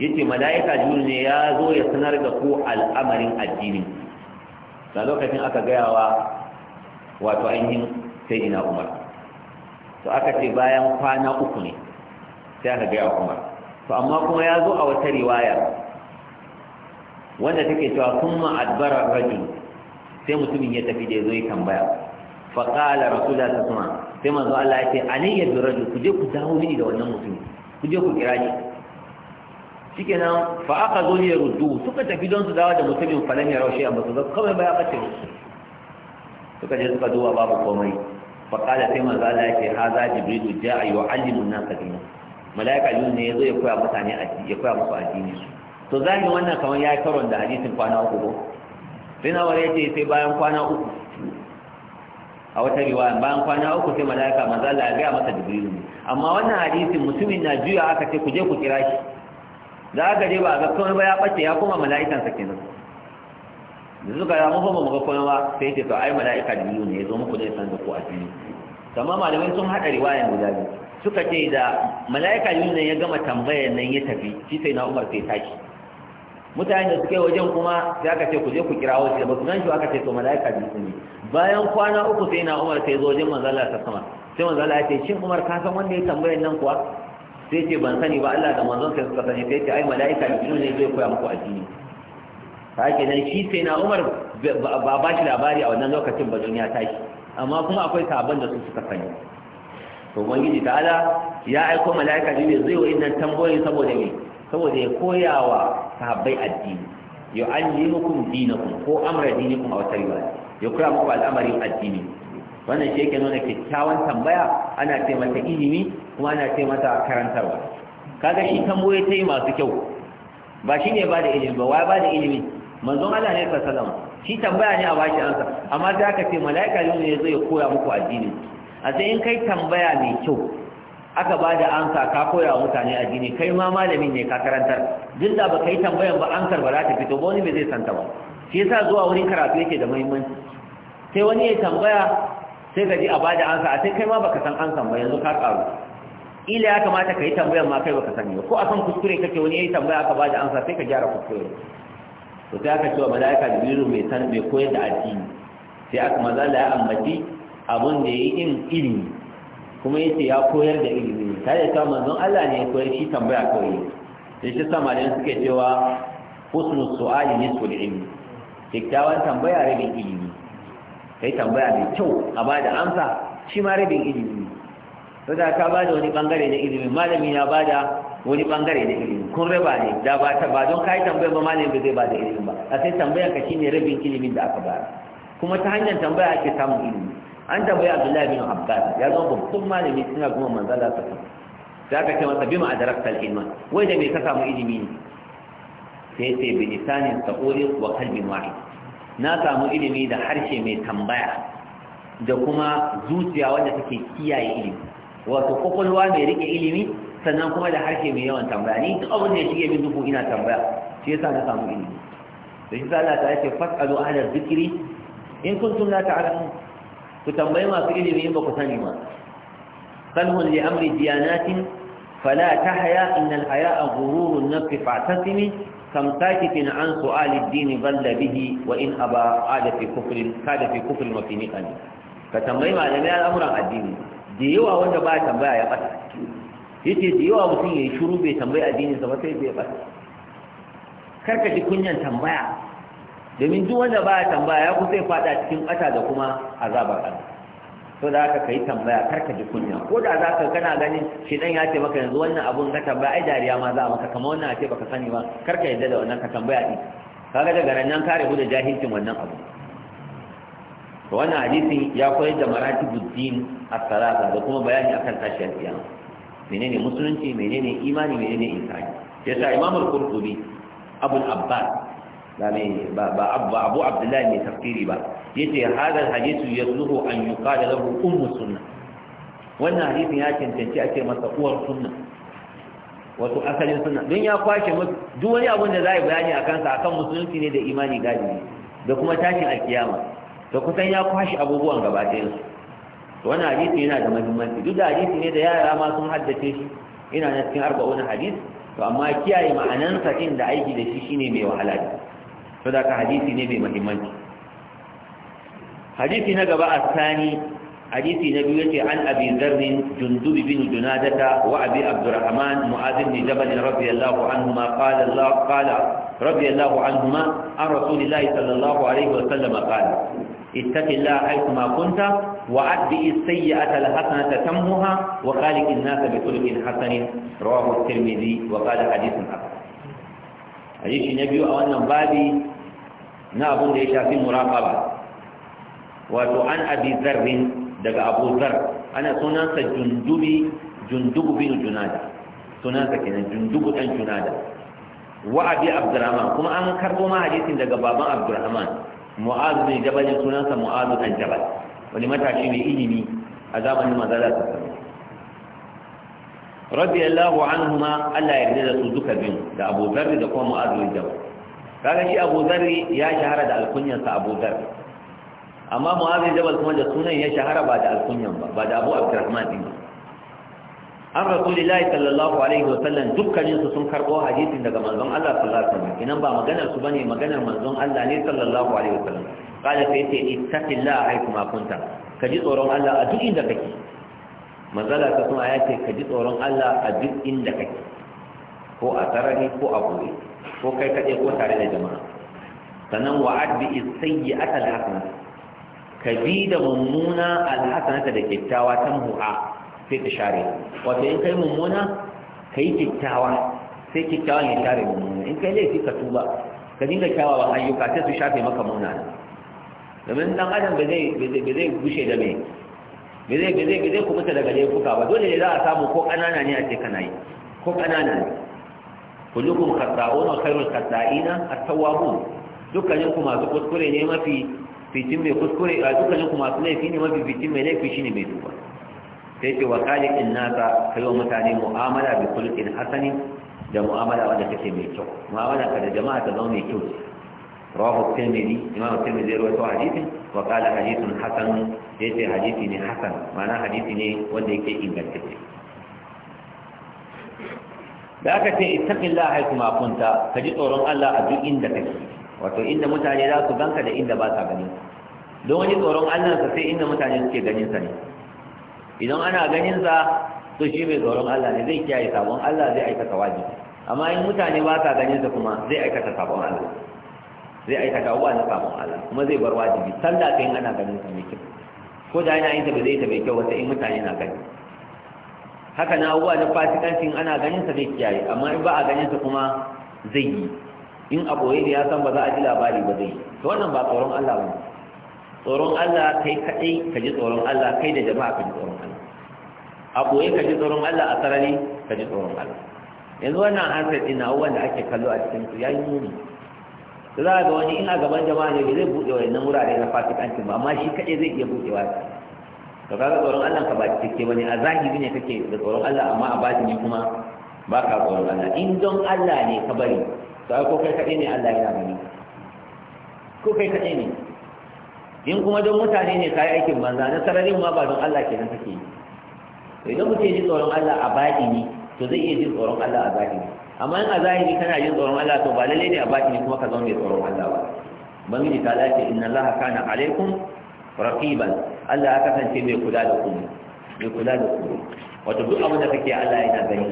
yace malaika jibril ne ya zo ya sanar da ku al'amarin addini da lokacin aka gayawa wato ainihin ina umar to aka ce bayan kwana uku ne sai aka gaya umar to amma kuma ya zo a wata riwaya wanda take cewa kuma adbara rajul sai mutumin ya tafi da ya zo ya tambaya faƙala rasulullah ta suma sai manzo Allah ya ce aniyya bi rajul ku je ku dawo mini da wannan mutumin ku je ku kira shi shikenan fa aka zo ne ruddu suka tafi don su dawo da mutumin falon ya raushe a su kawai ba ya bace suka je suka zuwa babu komai fa kala sai manzo Allah yake haza jibrilu yi wa an na dinu malaika yun ne ya zo ya koya mutane ji ya koya musu addini to zai wannan kamar ya karon da hadisin kwana uku ko sai na wani yace sai bayan kwana uku a wata riwaya bayan kwana uku sai malaika manzo Allah ya ga masa jibrilu amma wannan hadisin mutumin na juya aka ce ku je ku kira shi da aka je ba a ga Wani ba ya ɓace ya koma mala'ikansa kenan da suka ya mafi mu ga kuma ba sai ce to ai mala'ika da biyu ne ya zo muku ne san da ku a fili amma malamai sun haɗa riwayan guda biyu suka ce da mala'ika biyu ne ya gama tambayar nan ya tafi shi sai na umar sai tashi mutane da suke wajen kuma sai aka ce ku je ku kirawo shi ba su gan shi aka ce to mala'ika biyu ne bayan kwana uku sai na umar sai zo wajen manzala ta sama sai manzala ya ce shin umar ka san wanda ya tambayar nan kuwa sai ce ban sani ba Allah da manzon sai suka sani sai ce ai mala'ika da ne zai koya muku addini ta ake nan shi sai na Umar ba ba shi labari a wannan lokacin ba duniya tashi amma kuma akwai sabon da su suka sani to ubangiji Ala ya aiko mala'ika jibril zai wa innan tambayoyi saboda me saboda ya koyawa sahabbai addini yu'allimukum dinakum ko amra dinikum aw tayyiba ya koya muku al'amarin addini wannan shi yake nuna kyakkyawan tambaya ana ce mata ilimi kuma ana ce mata karantarwa kaga shi tamboye ta yi masu kyau ba shi ne ba da ilimi ba wai ba da ilimi manzon Allah ne sallallahu alaihi shi tambaya ne a baki ansa amma da aka ce mala'ika ne ya zo ya koya muku addini a sai in kai tambaya mai kyau aka ba da ansa ka koya wa mutane addini kai ma malamin ne ka karantar duk da ba kai tambayan ba an ba za ta fito ba wani bai zai santa ba shi yasa zuwa wurin karatu yake da muhimmanci sai wani ya tambaya sai ka ji a bada ansa a sai kai ma baka san ansan ba yanzu ka karu ila ya kamata ka yi tambayar ma kai baka sani ba ko san kuskure kake wani yayi tambaya aka bada ansa sai ka gyara kuskure to sai aka cewa malaika jibrilu mai san mai koyar da addini sai aka maza la ya ammaci abun da yayi in ilimi kuma yace ya koyar da ilimi sai ya samu manzon Allah ne ya koyar shi tambaya kawai sai shi sama da suke cewa husnul su'ali nisful ilmi Kyakkyawan tambaya rabin ilimi kai tambaya mai kyau a ba da amsa shi ma rabin ilimi ne da ka ba da wani bangare na ilimi malami ya ba da wani bangare na ilimi kun raba ne da ba ta ba don kai tambaya ba malami ba zai ba da ilimi ba a sai tambayar ka ne rabin ilimin da aka ba kuma ta hanyar tambaya ake samun ilimi an tambayi Abdullahi bin Abbas ya zama babban malami suna kuma manzala ta za ka ce masa bima a al-ilma wai da me ka samu ilimi ne sai sai bi lisanin saurin wa qalbin wahid na samu ilimi da harshe mai tambaya da kuma zuciya wanda take kiyaye ilimi wato kwakwalwa mai rike ilimi sannan kuma da harshe mai yawan tambaya ni duk abin da ya shige min ina tambaya shi yasa na samu ilimi da shi Allah ta yake fasalu ala zikri in kuntum la ta'lamun ku tambayi masu ilimi in ba ku sani ba kalhun li amri diyanatin فلا تحيا إن الحياء غرور النفس فاعتصمي كمساكت عن سؤال الدين ضل به وإن أبى عاد في كفر كاد في كفر وفي نقل فتنبيه على ما الأمر الدين ديوا وانت بقى تنبيه يا بطل yace da yawa mutum ya yi bai tambayi addinin ba sai bai ba karka ji kunyan tambaya domin duk wanda baya tambaya ya kusa ya fada cikin ƙasa da kuma azabar so da haka kai tambaya karka ka ji kunya ko da za ka kana ganin shi dan ya ce maka yanzu wannan abun ka tambaya ai dariya ma za a maka kamar wannan ce baka sani ba kar ka yadda da wannan ka tambaya din kaga daga nan nan kare da jahilcin wannan abu to wannan hadisin ya koyar da maratibud din as-salata da kuma bayani akan tashiyar kiyama menene musulunci menene imani menene insani yasa imam al-qurtubi abul abbas ba ba abu abdullahi mai tafsiri ba yace hada hadithu yasluhu an yuqala lahu ummu sunna wannan hadisin ya cancanci ake masa uwar sunna wato asalin sunna don ya kwashe duk wani abun da za a yi bayani a kansa akan musulunci ne da imani gadi ne da kuma tashin alkiyama da kusan ya kwashe abubuwan gaba ɗayan su wannan hadisi yana da muhimmanci duk da hadisi ne da yara ma sun haddace shi ina na cikin arba'un hadis to amma kiyaye ma'anansa din da aiki da shi shine mai wahala to da ka hadisi ne mai muhimmanci hadisi na gaba a sani hadisi na biyu yace an abi zarrin jundub bin junadata wa abi abdurrahman mu'adh bin jabal radiyallahu anhuma qala allah qala radiyallahu anhuma an rasulillahi sallallahu alaihi wa sallam qala ittaqillaha haythuma kunta وأدئ السيئة الحسنة تمها وخالق الناس بخلق حسن رواه الترمذي وقال حديث حسن حديث النبي أو بابي نابون ليش في wato an abi zarrin daga abu zar ana sunansa jundubi jundubu bin junada sunansa kenan jundubu dan junada wa abi abdurrahman kuma an karbo ma hadisin daga baban abdurrahman mu'az bin jabal sunansa mu'az dan jabal wani matashi mai ilimi a zamanin manzala ta sallallahu radiyallahu anhuma Allah ya yarda da su duka biyu da Abu Dharr da kuma Mu'adh bin Jabal kaga shi Abu Dharr ya shahara da alkunyarsa Abu Dharr amma mu'azin jabal kuma da sunan ya shahara ba da alkunyan ba ba da abu abdurrahman din an rasulillahi sallallahu alaihi wa sallam dukkanin su sun karbo hadisin daga manzon Allah sallallahu alaihi wa sallam kinan ba maganar su bane maganar manzon Allah ne sallallahu alaihi wa sallam qala fa yati ittaqillaha haykuma kunta ka ji tsoron Allah a duk inda kake manzala ta kuma ya ce ka ji tsoron Allah a duk inda kake ko a sarari ko a buɗe ko kai kaɗai ko tare da jama'a sannan wa'ad bi isayyi atal hasana ka bi da mummuna alhasanata da kyakkyawa ta mu'a sai ta share wato in kai mummuna ka yi kyakkyawa sai kyakkyawan ya share mummuna in kai laifi ka tuba ka dinga kyawawan ayyuka sai su shafe maka munana domin dan adam ba zai ba zai gushe da mai ba zai ba zai ba zai kubuta daga laifuka ba dole ne za a samu ko ƙanana ne a ce kana yi ko ƙanana ne kullukum khata'un wa khairul khata'ina at-tawwabun dukkanin masu kuskure ne mafi fitin mai kuskure a dukkanin kuma masu laifi ne mafi fitin mai laifi ne mai tuba sai ce wa in nasa kai wa mutane mu'amala bi khuluqin hasani da mu'amala wanda take mai kyau mu'amala ka da jama'a ta zama mai kyau rawahu tirmidhi imam tirmidhi rawaito hadithin wa kala hadithun hasan yace hadithi ne hasan ma'ana hadithi ne wanda yake ingantacce da aka ce ittaqillaha kuma ma kunta kaji tsoron Allah a duk inda kake wato inda mutane za su ganka da inda ba sa ganin don wani tsoron Allah sa sai inda mutane suke ganin sa ne idan ana ganin sa to shi mai tsoron Allah ne zai kiyaye sabon Allah zai aikata wajibi amma in mutane ba sa ganin sa kuma zai aikata sabon Allah zai aikata abubuwa na sabon Allah kuma zai bar wajibi sallah kai ana ganin sa mai kyau ko da yana yin ta ba zai ta mai kyau wata in mutane na gani haka na abubuwa na fasikancin ana ganin sa zai kiyaye amma in ba a ganin sa kuma zai yi in a boye ne ya san ba za a ji labari ba zai to wannan ba tsoron Allah ba tsoron Allah kai kadai ka ji tsoron Allah kai da jama'a ka ji tsoron Allah a boye ka ji tsoron Allah a sarari ka ji tsoron Allah yanzu wannan hansar din na wanda ake kallo a cikin su yayi nuni za ga wani in a gaban jama'a ne zai buɗe wannan wurare na fasikancin ba amma shi kadai zai iya buɗewa to kaga tsoron Allah ka ba cikakke bane a zahiri ne kake da tsoron Allah amma a batini kuma ba ka tsoron Allah in don Allah ne ka bari sai ko kai kaɗai ne Allah yana gani ko kai kaɗai ne in kuma don mutane ne kayi aikin banza na sararin ma ba don Allah kenan kake yi idan mutum ya ji tsoron Allah a baɗi ne to zai iya jin tsoron Allah a zahiri. amma in a zahiri kana jin tsoron Allah to ba lallai ne a baɗi ne kuma ka zama mai tsoron Allah ba bangiji ta lafi inna Allah kana alaikum raqiban Allah ya kasance mai kula da ku mai kula da ku wato duk abin da kake Allah yana gani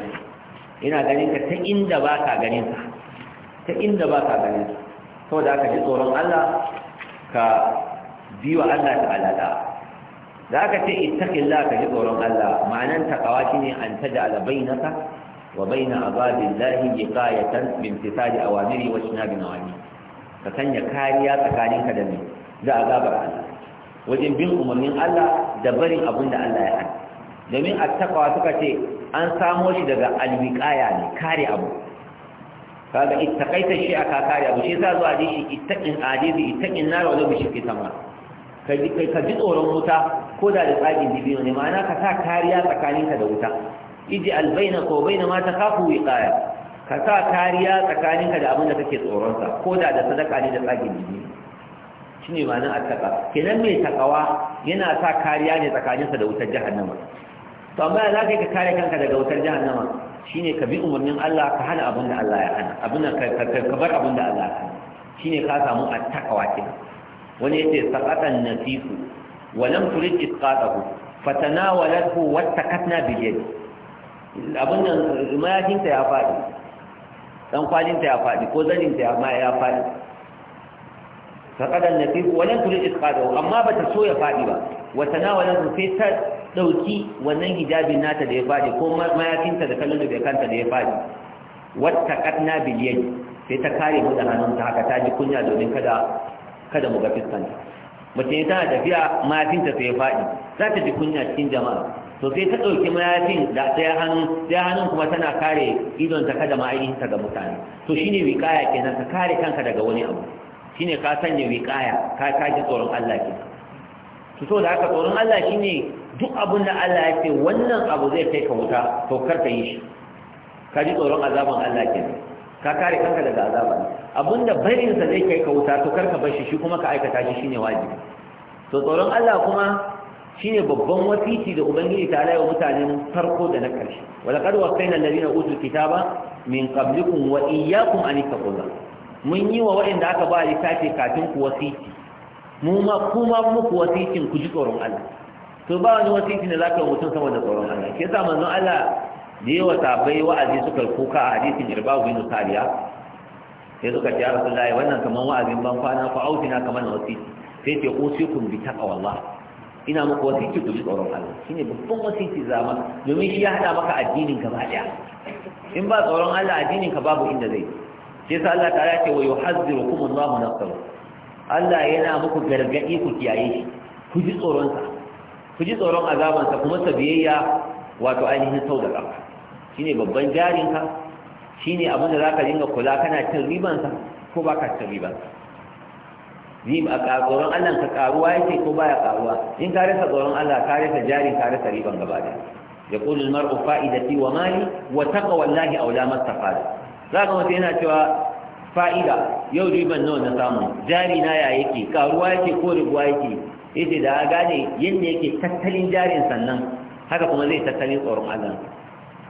Ina ganin ka ta inda baka ka ganin ka ta inda ba ka ganin su saboda aka ji tsoron Allah ka biwa Allah ta alaƙa da aka ce ittaqillah ka ji tsoron Allah ma'anan takawa shine an taj'ala bainaka wa baina azabillahi wiqayatan min tisali awamiri wa shinabi nawami ka sanya kariya tsakaninka da ni da azabar Allah wajen bin umarnin Allah da barin abin da Allah ya hana domin attaqwa suka ce an samo shi daga alwiqaya ne kare abu kaga kaita shi aka kare abu shi yasa zuwa hadisi ittaqin ajizi ittaqin nar wa labi shi tama kai kai ka ji tsoron wuta ko da da tsagin dibi ne ma'ana ka sa kariya tsakaninka da wuta iji albaina ko baina ma ta kafu wiqaya ka sa kariya tsakaninka da abin da kake tsoron sa ko da da sadaka ne da tsagin dibino shine ma'ana attaka kenan mai takawa yana sa kariya ne tsakaninsa da wutar jahannama to amma za ka yi ka kare kanka daga wutar jahannama shine ka bi umarnin Allah ka hana abin da Allah ya hana abin ka bar abin da Allah ya hana shine ka samu a takawa ke wani yace saqatan nafiku wa lam turid isqatahu fatanawalahu wattaqatna bi yadi abin nan mayakin ta ya fadi dan kwalin ta ya fadi ko zanin ta ya ya fadi na fi ta Amma faɗi فقد النفيس ولن ta ɗauki wannan hijabin nata da ya faɗi, ko mayafinta da kallon da كما ما يكنت تكلم بكانت ديفادي واتقتنا biliyan sai ta kare mu da hannunta haka ta ji kunya domin kada kada mu ga fiskanta mace tana tafiya mayafinta sai ya faɗi za ta ji kunya cikin jama'a to sai ta ɗauki mayafin da ɗaya hannun ɗaya hannun kuma tana kare idonta kada ma ga mutane to shine wikaya kenan ka kare kanka daga wani abu shine ka sanya wiƙaya ka ka ji tsoron Allah ke to so da haka tsoron Allah shine duk abin da Allah ya ce wannan abu zai kai ka wuta to kar ka yi shi ka ji tsoron azaban Allah ke ka kare kanka daga azaban abinda barin sa zai kai ka wuta to kar ka bar shi shi kuma ka aikata shi shine wajibi to tsoron Allah kuma shine babban wasiti da ubangiji ta alaiwa mutanen farko da na karshe wala qad wasayna alladhina utul kitaba min qablikum wa iyyakum an ittaqullah mun yi wa waɗanda aka ba littafi kafin ku wasiti mu ma kuma muku wasitin ku ji tsoron Allah to ba wani wasiti da zaka mutum saboda tsoron Allah ke sa manzon Allah da yawa sabai wa'azi suka kuka a hadisin irbabu bin sariya sai suka ce rasulullahi wannan kaman wa'azin ban kwana fa autina kaman wasiti sai ce usikum bi taqwallah ina muku wasiti ku ji tsoron Allah shine babban wasiti zama domin shi ya hada maka addinin gaba daya in ba tsoron Allah addinin ka babu inda zai shi yasa Allah ta ce wa yuhazzirukum Allahu nafsahu Allah yana muku gargadi ku kiyaye shi ku ji tsoron sa ku ji tsoron azaban sa kuma ta biyayya wato ainihin sau da shine babban jarin ka shine abin da zaka dinga kula kana cin riban sa ko baka cin riban sa rim a tsoron Allah ka karuwa yake ko baya karuwa in ka rasa tsoron Allah ka rasa jari ka rasa riban gaba da yaqulu al-mar'u fa'idati wa mali wa taqwa Allah aw la mastafada za ka yana cewa fa'ida yau riban nawa na samu jari na ya yake karuwa yake ko riguwa yake yace da a gane yadda yake tattalin jarin sannan haka kuma zai tattalin tsoron Allah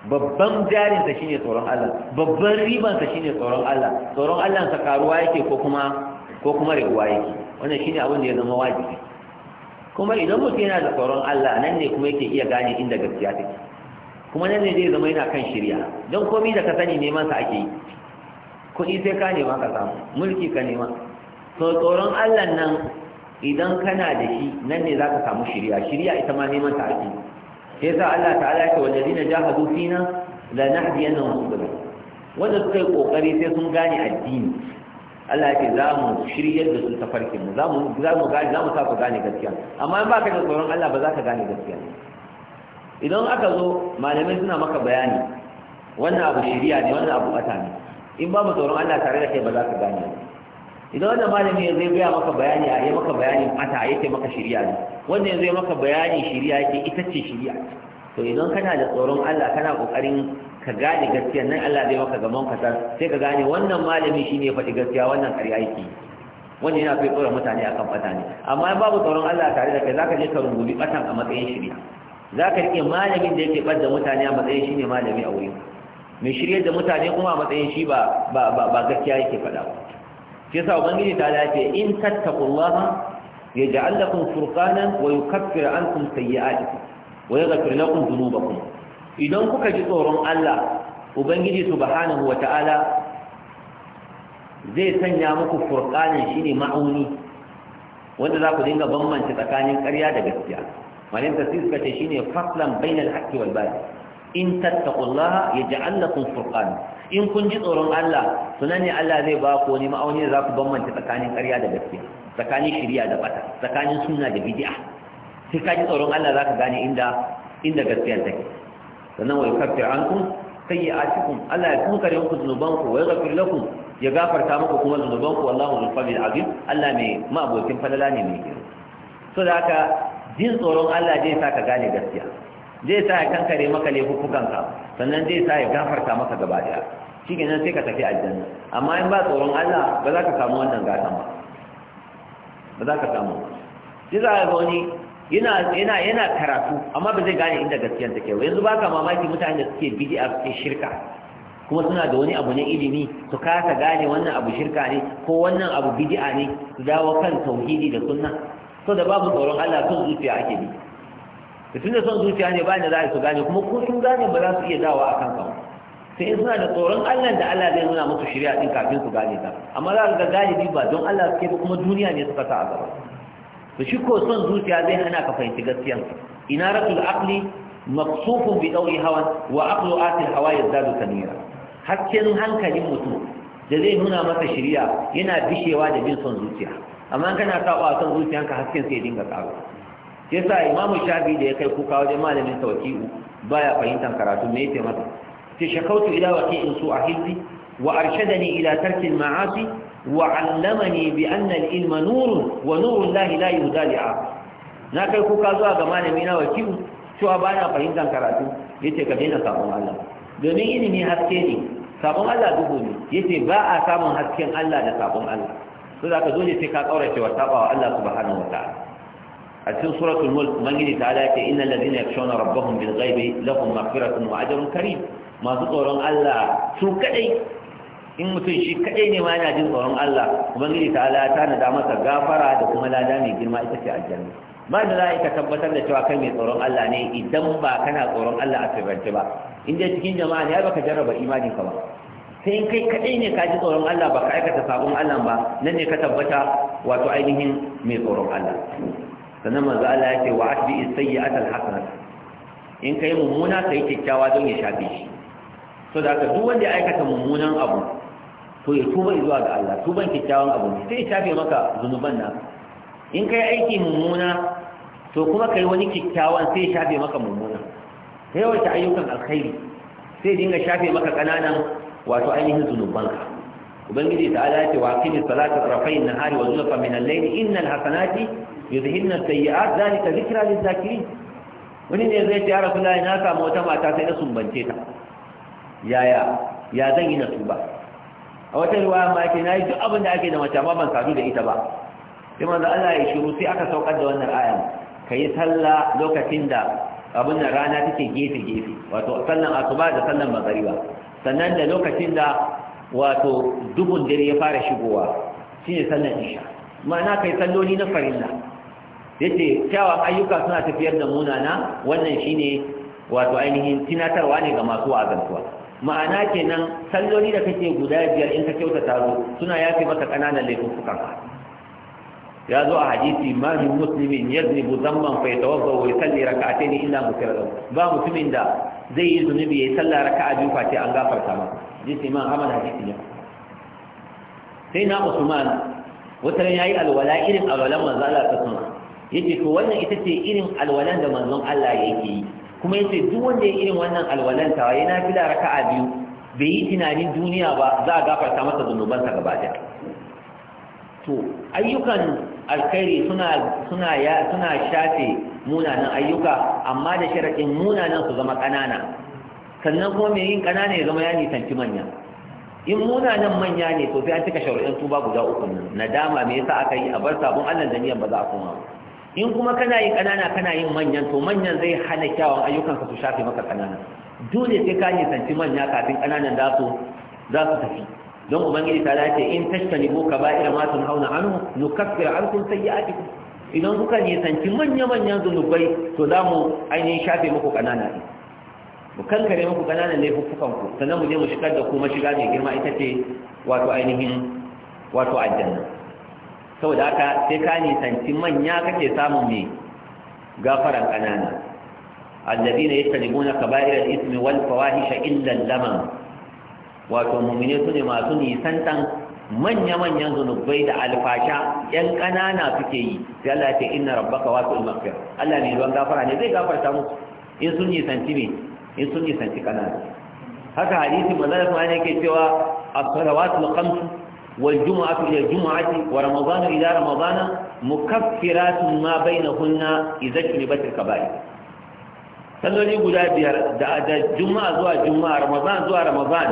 babban jarinsa shine tsoron Allah babban ribansa shine tsoron Allah tsoron Allah sa karuwa yake ko kuma ko kuma riguwa yake wannan shine abin da ya zama wajibi kuma idan mutum yana da tsoron Allah nan ne kuma yake iya gane inda gaskiya take kuma nan ne zai zama yana kan shirya don komi da ka sani neman sa ake yi kuɗi sai ka nema ka samu mulki ka nema to tsoron Allah nan idan kana da shi nan ne za ka samu shirya shirya ita ma neman sa ake yi. sai sa Allah ta'ala ya ce wallazina jahadu fina la nahdiyannahum subulana wanda suka yi kokari sai sun gane addini Allah ya ce za mu shiryar da su tafarkin mu za mu gane za mu sa ku gane gaskiya amma in ba ka da tsoron Allah ba za ka gane gaskiya idan aka zo malamai suna maka bayani wannan abu shiriya ne wannan abu bata ne in mu tsoron Allah tare da kai ba za ka gane idan wannan malami ya zai gaya maka bayani a yi maka bayani bata yake maka shiriya ne wannan ya zai maka bayani shiriya yake ita ce shiriya to idan kana da tsoron Allah kana kokarin ka gane gaskiya nan Allah zai maka gaban ka sai ka gane wannan malami shine ya faɗi gaskiya wannan ƙarya yake wanda yana fi tsoron mutane akan bata ne amma babu tsoron Allah tare da kai zaka je ka rungumi batan a matsayin shiriya za ka riƙe malamin da yake ɓadda mutane a matsayin shi ne malami a wuri mai shirya da mutane kuma a matsayin shi ba gaskiya yake faɗa ba shi yasa ubangiji ta lafiya in tattaqullaha yaj'al lakum furqanan wa yukaffiru ankum sayyi'atikum wa yaghfir lakum dhunubakum idan kuka ji tsoron Allah ubangiji subhanahu ta'ala zai sanya muku furqanan shine ma'auni wanda za ku dinga bambance tsakanin ƙarya da gaskiya malin tafsir suka ce shine faslan bainal haqqi wal batil in tattaqullaha yaj'al lakum furqan in kun ji tsoron Allah sunan ne Allah zai ba ku wani ma'auni za ku bambanta tsakanin ƙarya da gaskiya tsakanin shirya da bata tsakanin sunna da bid'a sai ka ji tsoron Allah za ka gane inda inda gaskiya take sannan wa yukaffir ankum sayyi'atikum Allah ya tunkare muku zunubanku wa yaghfir lakum ya gafarta muku kuma zunubanku wallahu dhul fadl azim Allah mai ma abokin falala ne mai girma so da haka jin tsoron Allah zai sa ka gane gaskiya zai sa ya kankare maka laifukanka sannan zai sa ya gafarta maka gaba daya shi nan sai ka tafi aljanna amma in ba tsoron Allah ba za ka samu wannan gatan ba ba za ka samu shi za ka ga wani yana yana yana karatu amma ba zai gane inda gaskiyar take ba yanzu baka mamaki mutanen da suke bid'a suke shirka kuma suna da wani abu na ilimi su kasa gane wannan abu shirka ne ko wannan abu bid'a ne su dawo kan tauhidi da sunna so da babu tsoron Allah son zuciya ake bi da tun da son zuciya ne ba ne za a su gane kuma ko sun gane ba za su iya dawa a kan kawo sai in suna da tsoron Allah da Allah zai nuna musu shirya din kafin su gane ta amma za ka gane bi ba don Allah suke ba kuma duniya ne suka sa a gaba to shi ko son zuciya zai hana ka fahimci gaskiya ina ratul aqli maqsufun bi dawri hawan wa aqlu atil hawa yazdadu tanira hakkin hankalin mutum da zai nuna masa shirya yana bishewa da bin son zuciya amma kana saba a san zuciyanka hasken sai dinga karo shi yasa imamu shafi da ya kai kuka wajen malamin tawqi'u baya fahimtar karatu me yake mata ce shakautu ila waqi'in su'a hizzi wa arshadani ila tarki al-ma'asi wa 'allamani bi anna al-ilma nurun wa nurul lahi la yuhda na kai kuka zuwa ga malami na waqi'u cewa bana fahimtar karatu yace ka daina sabon Allah domin ilimi haske ne sabon Allah duhu ne yace ba a samun hasken Allah da sabon Allah to da zo dole sai ka kaurace wa sabawa Allah subhanahu wa ta'ala a cikin suratul mulk mangini ta ala ce innal ladina yakshawna rabbahum bil ghaibi lahum maghfiratun wa ajrun karim masu tsoron Allah su kadai in mutum shi kadai ne ma yana jin tsoron Allah mangini ta ala ta nada masa gafara da kuma lada mai girma ita ce aljanna ba da za ka tabbatar da cewa kai mai tsoron Allah ne idan ba kana tsoron Allah a sirrance ba in dai cikin jama'a ne ai baka jarraba imani ka ba sai in kai kaɗai ne ka ji tsoron Allah ba ka aikata sabon Allah ba nan ne ka tabbata wato ainihin mai tsoron Allah sannan manzo Allah ya ce wa asbi as-sayyi'ata al-hasanah in kai mummuna kai kyakkyawa don ya shafe shi so da haka duk wanda ya aikata mummunan abu to ya tuba zuwa ga Allah tuban kyakkyawan abu ne sai ya shafe maka zunuban nan in kai aiki mummuna to kuma kai wani kyakkyawan sai ya shafe maka mummuna yawaita ayyukan alkhairi sai dinga shafe maka kananan wato ainihin zunubanka ubangiji ta ala ce wa aqimi salata tarafai nahari wa zulfa min al-layl innal hasanati yudhinna sayyi'at zalika dhikra lil-zakirin wani ne zai ce ya rasulullahi na samu wata mata sai na sumbance ta yaya ya zan yi na tuba a wata riwaya ma yake na yi duk abin da ake da mace amma ban sadu da ita ba sai manzo Allah ya shiru sai aka saukar da wannan ayan kai sallah lokacin da abin da rana take gefe gefe wato sallan asuba da sallan magariba sannan da lokacin da wato dubun dare ya fara shigowa shine sannan isha ma'ana kai salloli na farilla yace cewa ayyuka suna tafiyar da munana wannan shine wato ainihin tinatarwa ne ga masu azantuwa ma'ana kenan salloli da kake guda biyar in ka kyautata su suna yafe maka ƙananan laifukan ya zo a hadisi ma min muslimin yadribu zamman fa yatawaffa wa yusalli rak'atayn illa mutira ba mutumin da zai yi zunubi ya yi sallah raka'a biyu face an gafarta masa hadisi man Ahmad hadisi ne sai na Usman wata ran yayi alwala irin alwalan manzo Allah ta sunna yace to wannan ita ce irin alwalan da manzon Allah yake yi kuma yace duk wanda ya irin wannan alwalan ta yayi nafila raka'a biyu bai yi tunanin duniya ba za a gafarta masa zunubansa gaba ɗaya to ayyukan alkhairi suna suna ya suna shafe munanan ayyuka amma da sharadin munanan su zama kanana sannan kuma mai yin kanana ya zama ya nisanci manya in munanan manya ne to sai an cika sharuɗin tuba guda uku nan nadama me yasa aka yi a bar sabon Allah da niyan ba za a koma in kuma kana yin kanana kana yin manyan to manyan zai hana kyawun ka su shafe maka kanana dole sai ka nisanci manya kafin kananan za su za su tafi don ubangiji ta dace in tashtani bo ka ba'ira ma sun hauna anhu nukaffir ankum sayyi'atikum idan kuka nisanci manya-manyan zunubai to za mu ainihin shafe muku kanana ne mu kankare muku kananan ne ku sannan mu je mu shigar da ku shiga mai girma ita ce wato ainihin wato aljanna saboda haka sai ka nisanci manya kake samun mai gafaran kanana الذين يتنبون كبائر الإثم والفواهش إلا اللمن wato mu'mine su ne masu nisantan manya-manyan zunubai da alfasha yan ƙanana suke yi sai Allah ya ce inna rabbaka wasul maghfir Allah ne ruwan gafara ne zai gafarta musu in sun nisanci ne in sun nisanci ƙanana haka hadisi manzon Allah ne ke cewa a as-salawatul khams wal jumu'atu ila jumu'ati wa ramadanu ila ramadana mukaffiratun ma bai na bainahunna idza junibatil kaba'ir salloli guda biyar da juma'a zuwa juma'a ramadan zuwa ramadan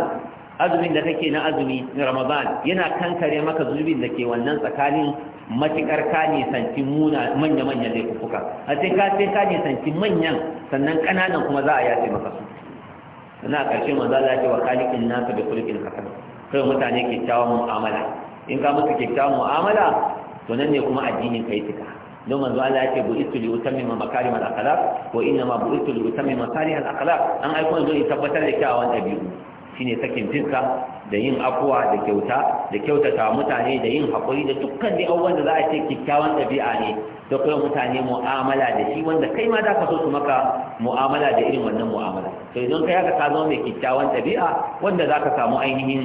azumin da kake na azumi ramadan yana kankare maka zunubin da ke wannan tsakanin matikar ka nisanci muna manya-manyan laifuka a sai ka sai ka nisanci manyan sannan kananan kuma za a yace maka su sannan a ƙarshe manzo Allah ya ce wa khaliqin nasa bi khuluqin hasan kai mutane ke kyakkyawan mu'amala in ka ke kyakkyawan mu'amala to nan ne kuma addinin kai tuka don manzo Allah yake bu istu li utammima makarim al akhlaq wa inna ma bu istu li utammima salih al akhlaq an aiko don in tabbatar da kyawawan dabi'u shine sakin fiska da yin afuwa da kyauta da kyautata mutane da yin haƙuri da dukkan da abubuwan da za a ce kyakkyawan ɗabi'a ne da kuma mutane mu'amala da shi wanda kai ma za ka so su maka mu'amala da irin wannan mu'amala to idan kai ka zama mai kyakkyawan ɗabi'a wanda za ka samu ainihin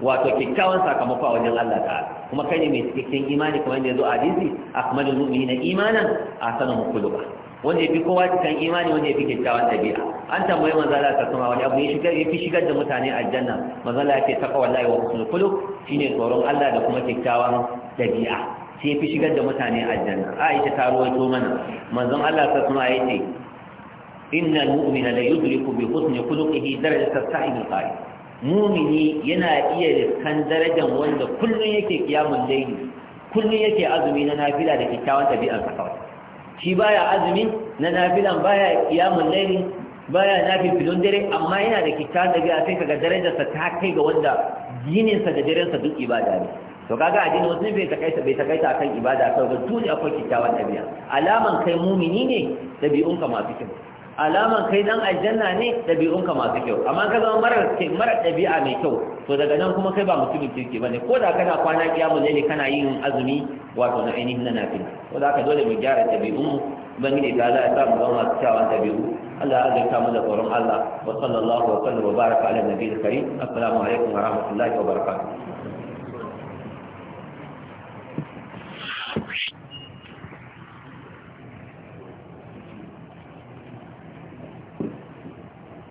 wato kyakkyawan sakamako a wajen Allah ta'ala kuma kai ne mai cikakken imani kuma yadda ya zo a hadisi akmalul mu'minina imanan ahsanuhum khuluqan wanda ya fi kowa cikin imani wanda ya fi kyakkyawan ɗabi'a an tambayi manzala ta kuma wani abu ya fi shigar da mutane aljanna manzala ya ce taka wallahi wa husnul khuluq shine tsoron Allah da kuma kyakkyawan ɗabi'a sai ya fi shigar da mutane aljanna Aisha ta ruwaito mana manzon Allah ta kuma ya ce innal mu'mina la yudriku bi husni khuluqihi darajata sa'il qa'id mumini yana iya riskan darajar wanda kullum yake kiyamun laili kullum yake azumi na nafila da kyakkyawan ɗabi'ar sa kawai shi baya azumi na nafilan baya kiyamun laili baya nafi filon dare amma yana da kitan da biya sai kaga darajarsa ta kai ga wanda yininsa da darensa duk ibada ne to kaga addini wasu bai takaita bai takaita akan ibada kawai ga dole akwai kitawa ɗabi'a. alaman kai mumini ne dabi'unka masu kyau alaman kai dan aljanna ne ɗabi'unka masu kyau amma ka zama mara mara ɗabi'a mai kyau to daga nan kuma kai ba mutumin kirki bane ko da kana kwana kiyamu ne kana yin azumi wato na ainihin na nafi ko da ka dole mu gyara dabi'un mu ubangiji ta Allah ya sa mu zama masu kyawun ɗabi'u Allah ya azurta mu da tsoron Allah wa sallallahu wa sallam wa baraka ala nabiyil karim assalamu alaikum wa rahmatullahi wa barakatuh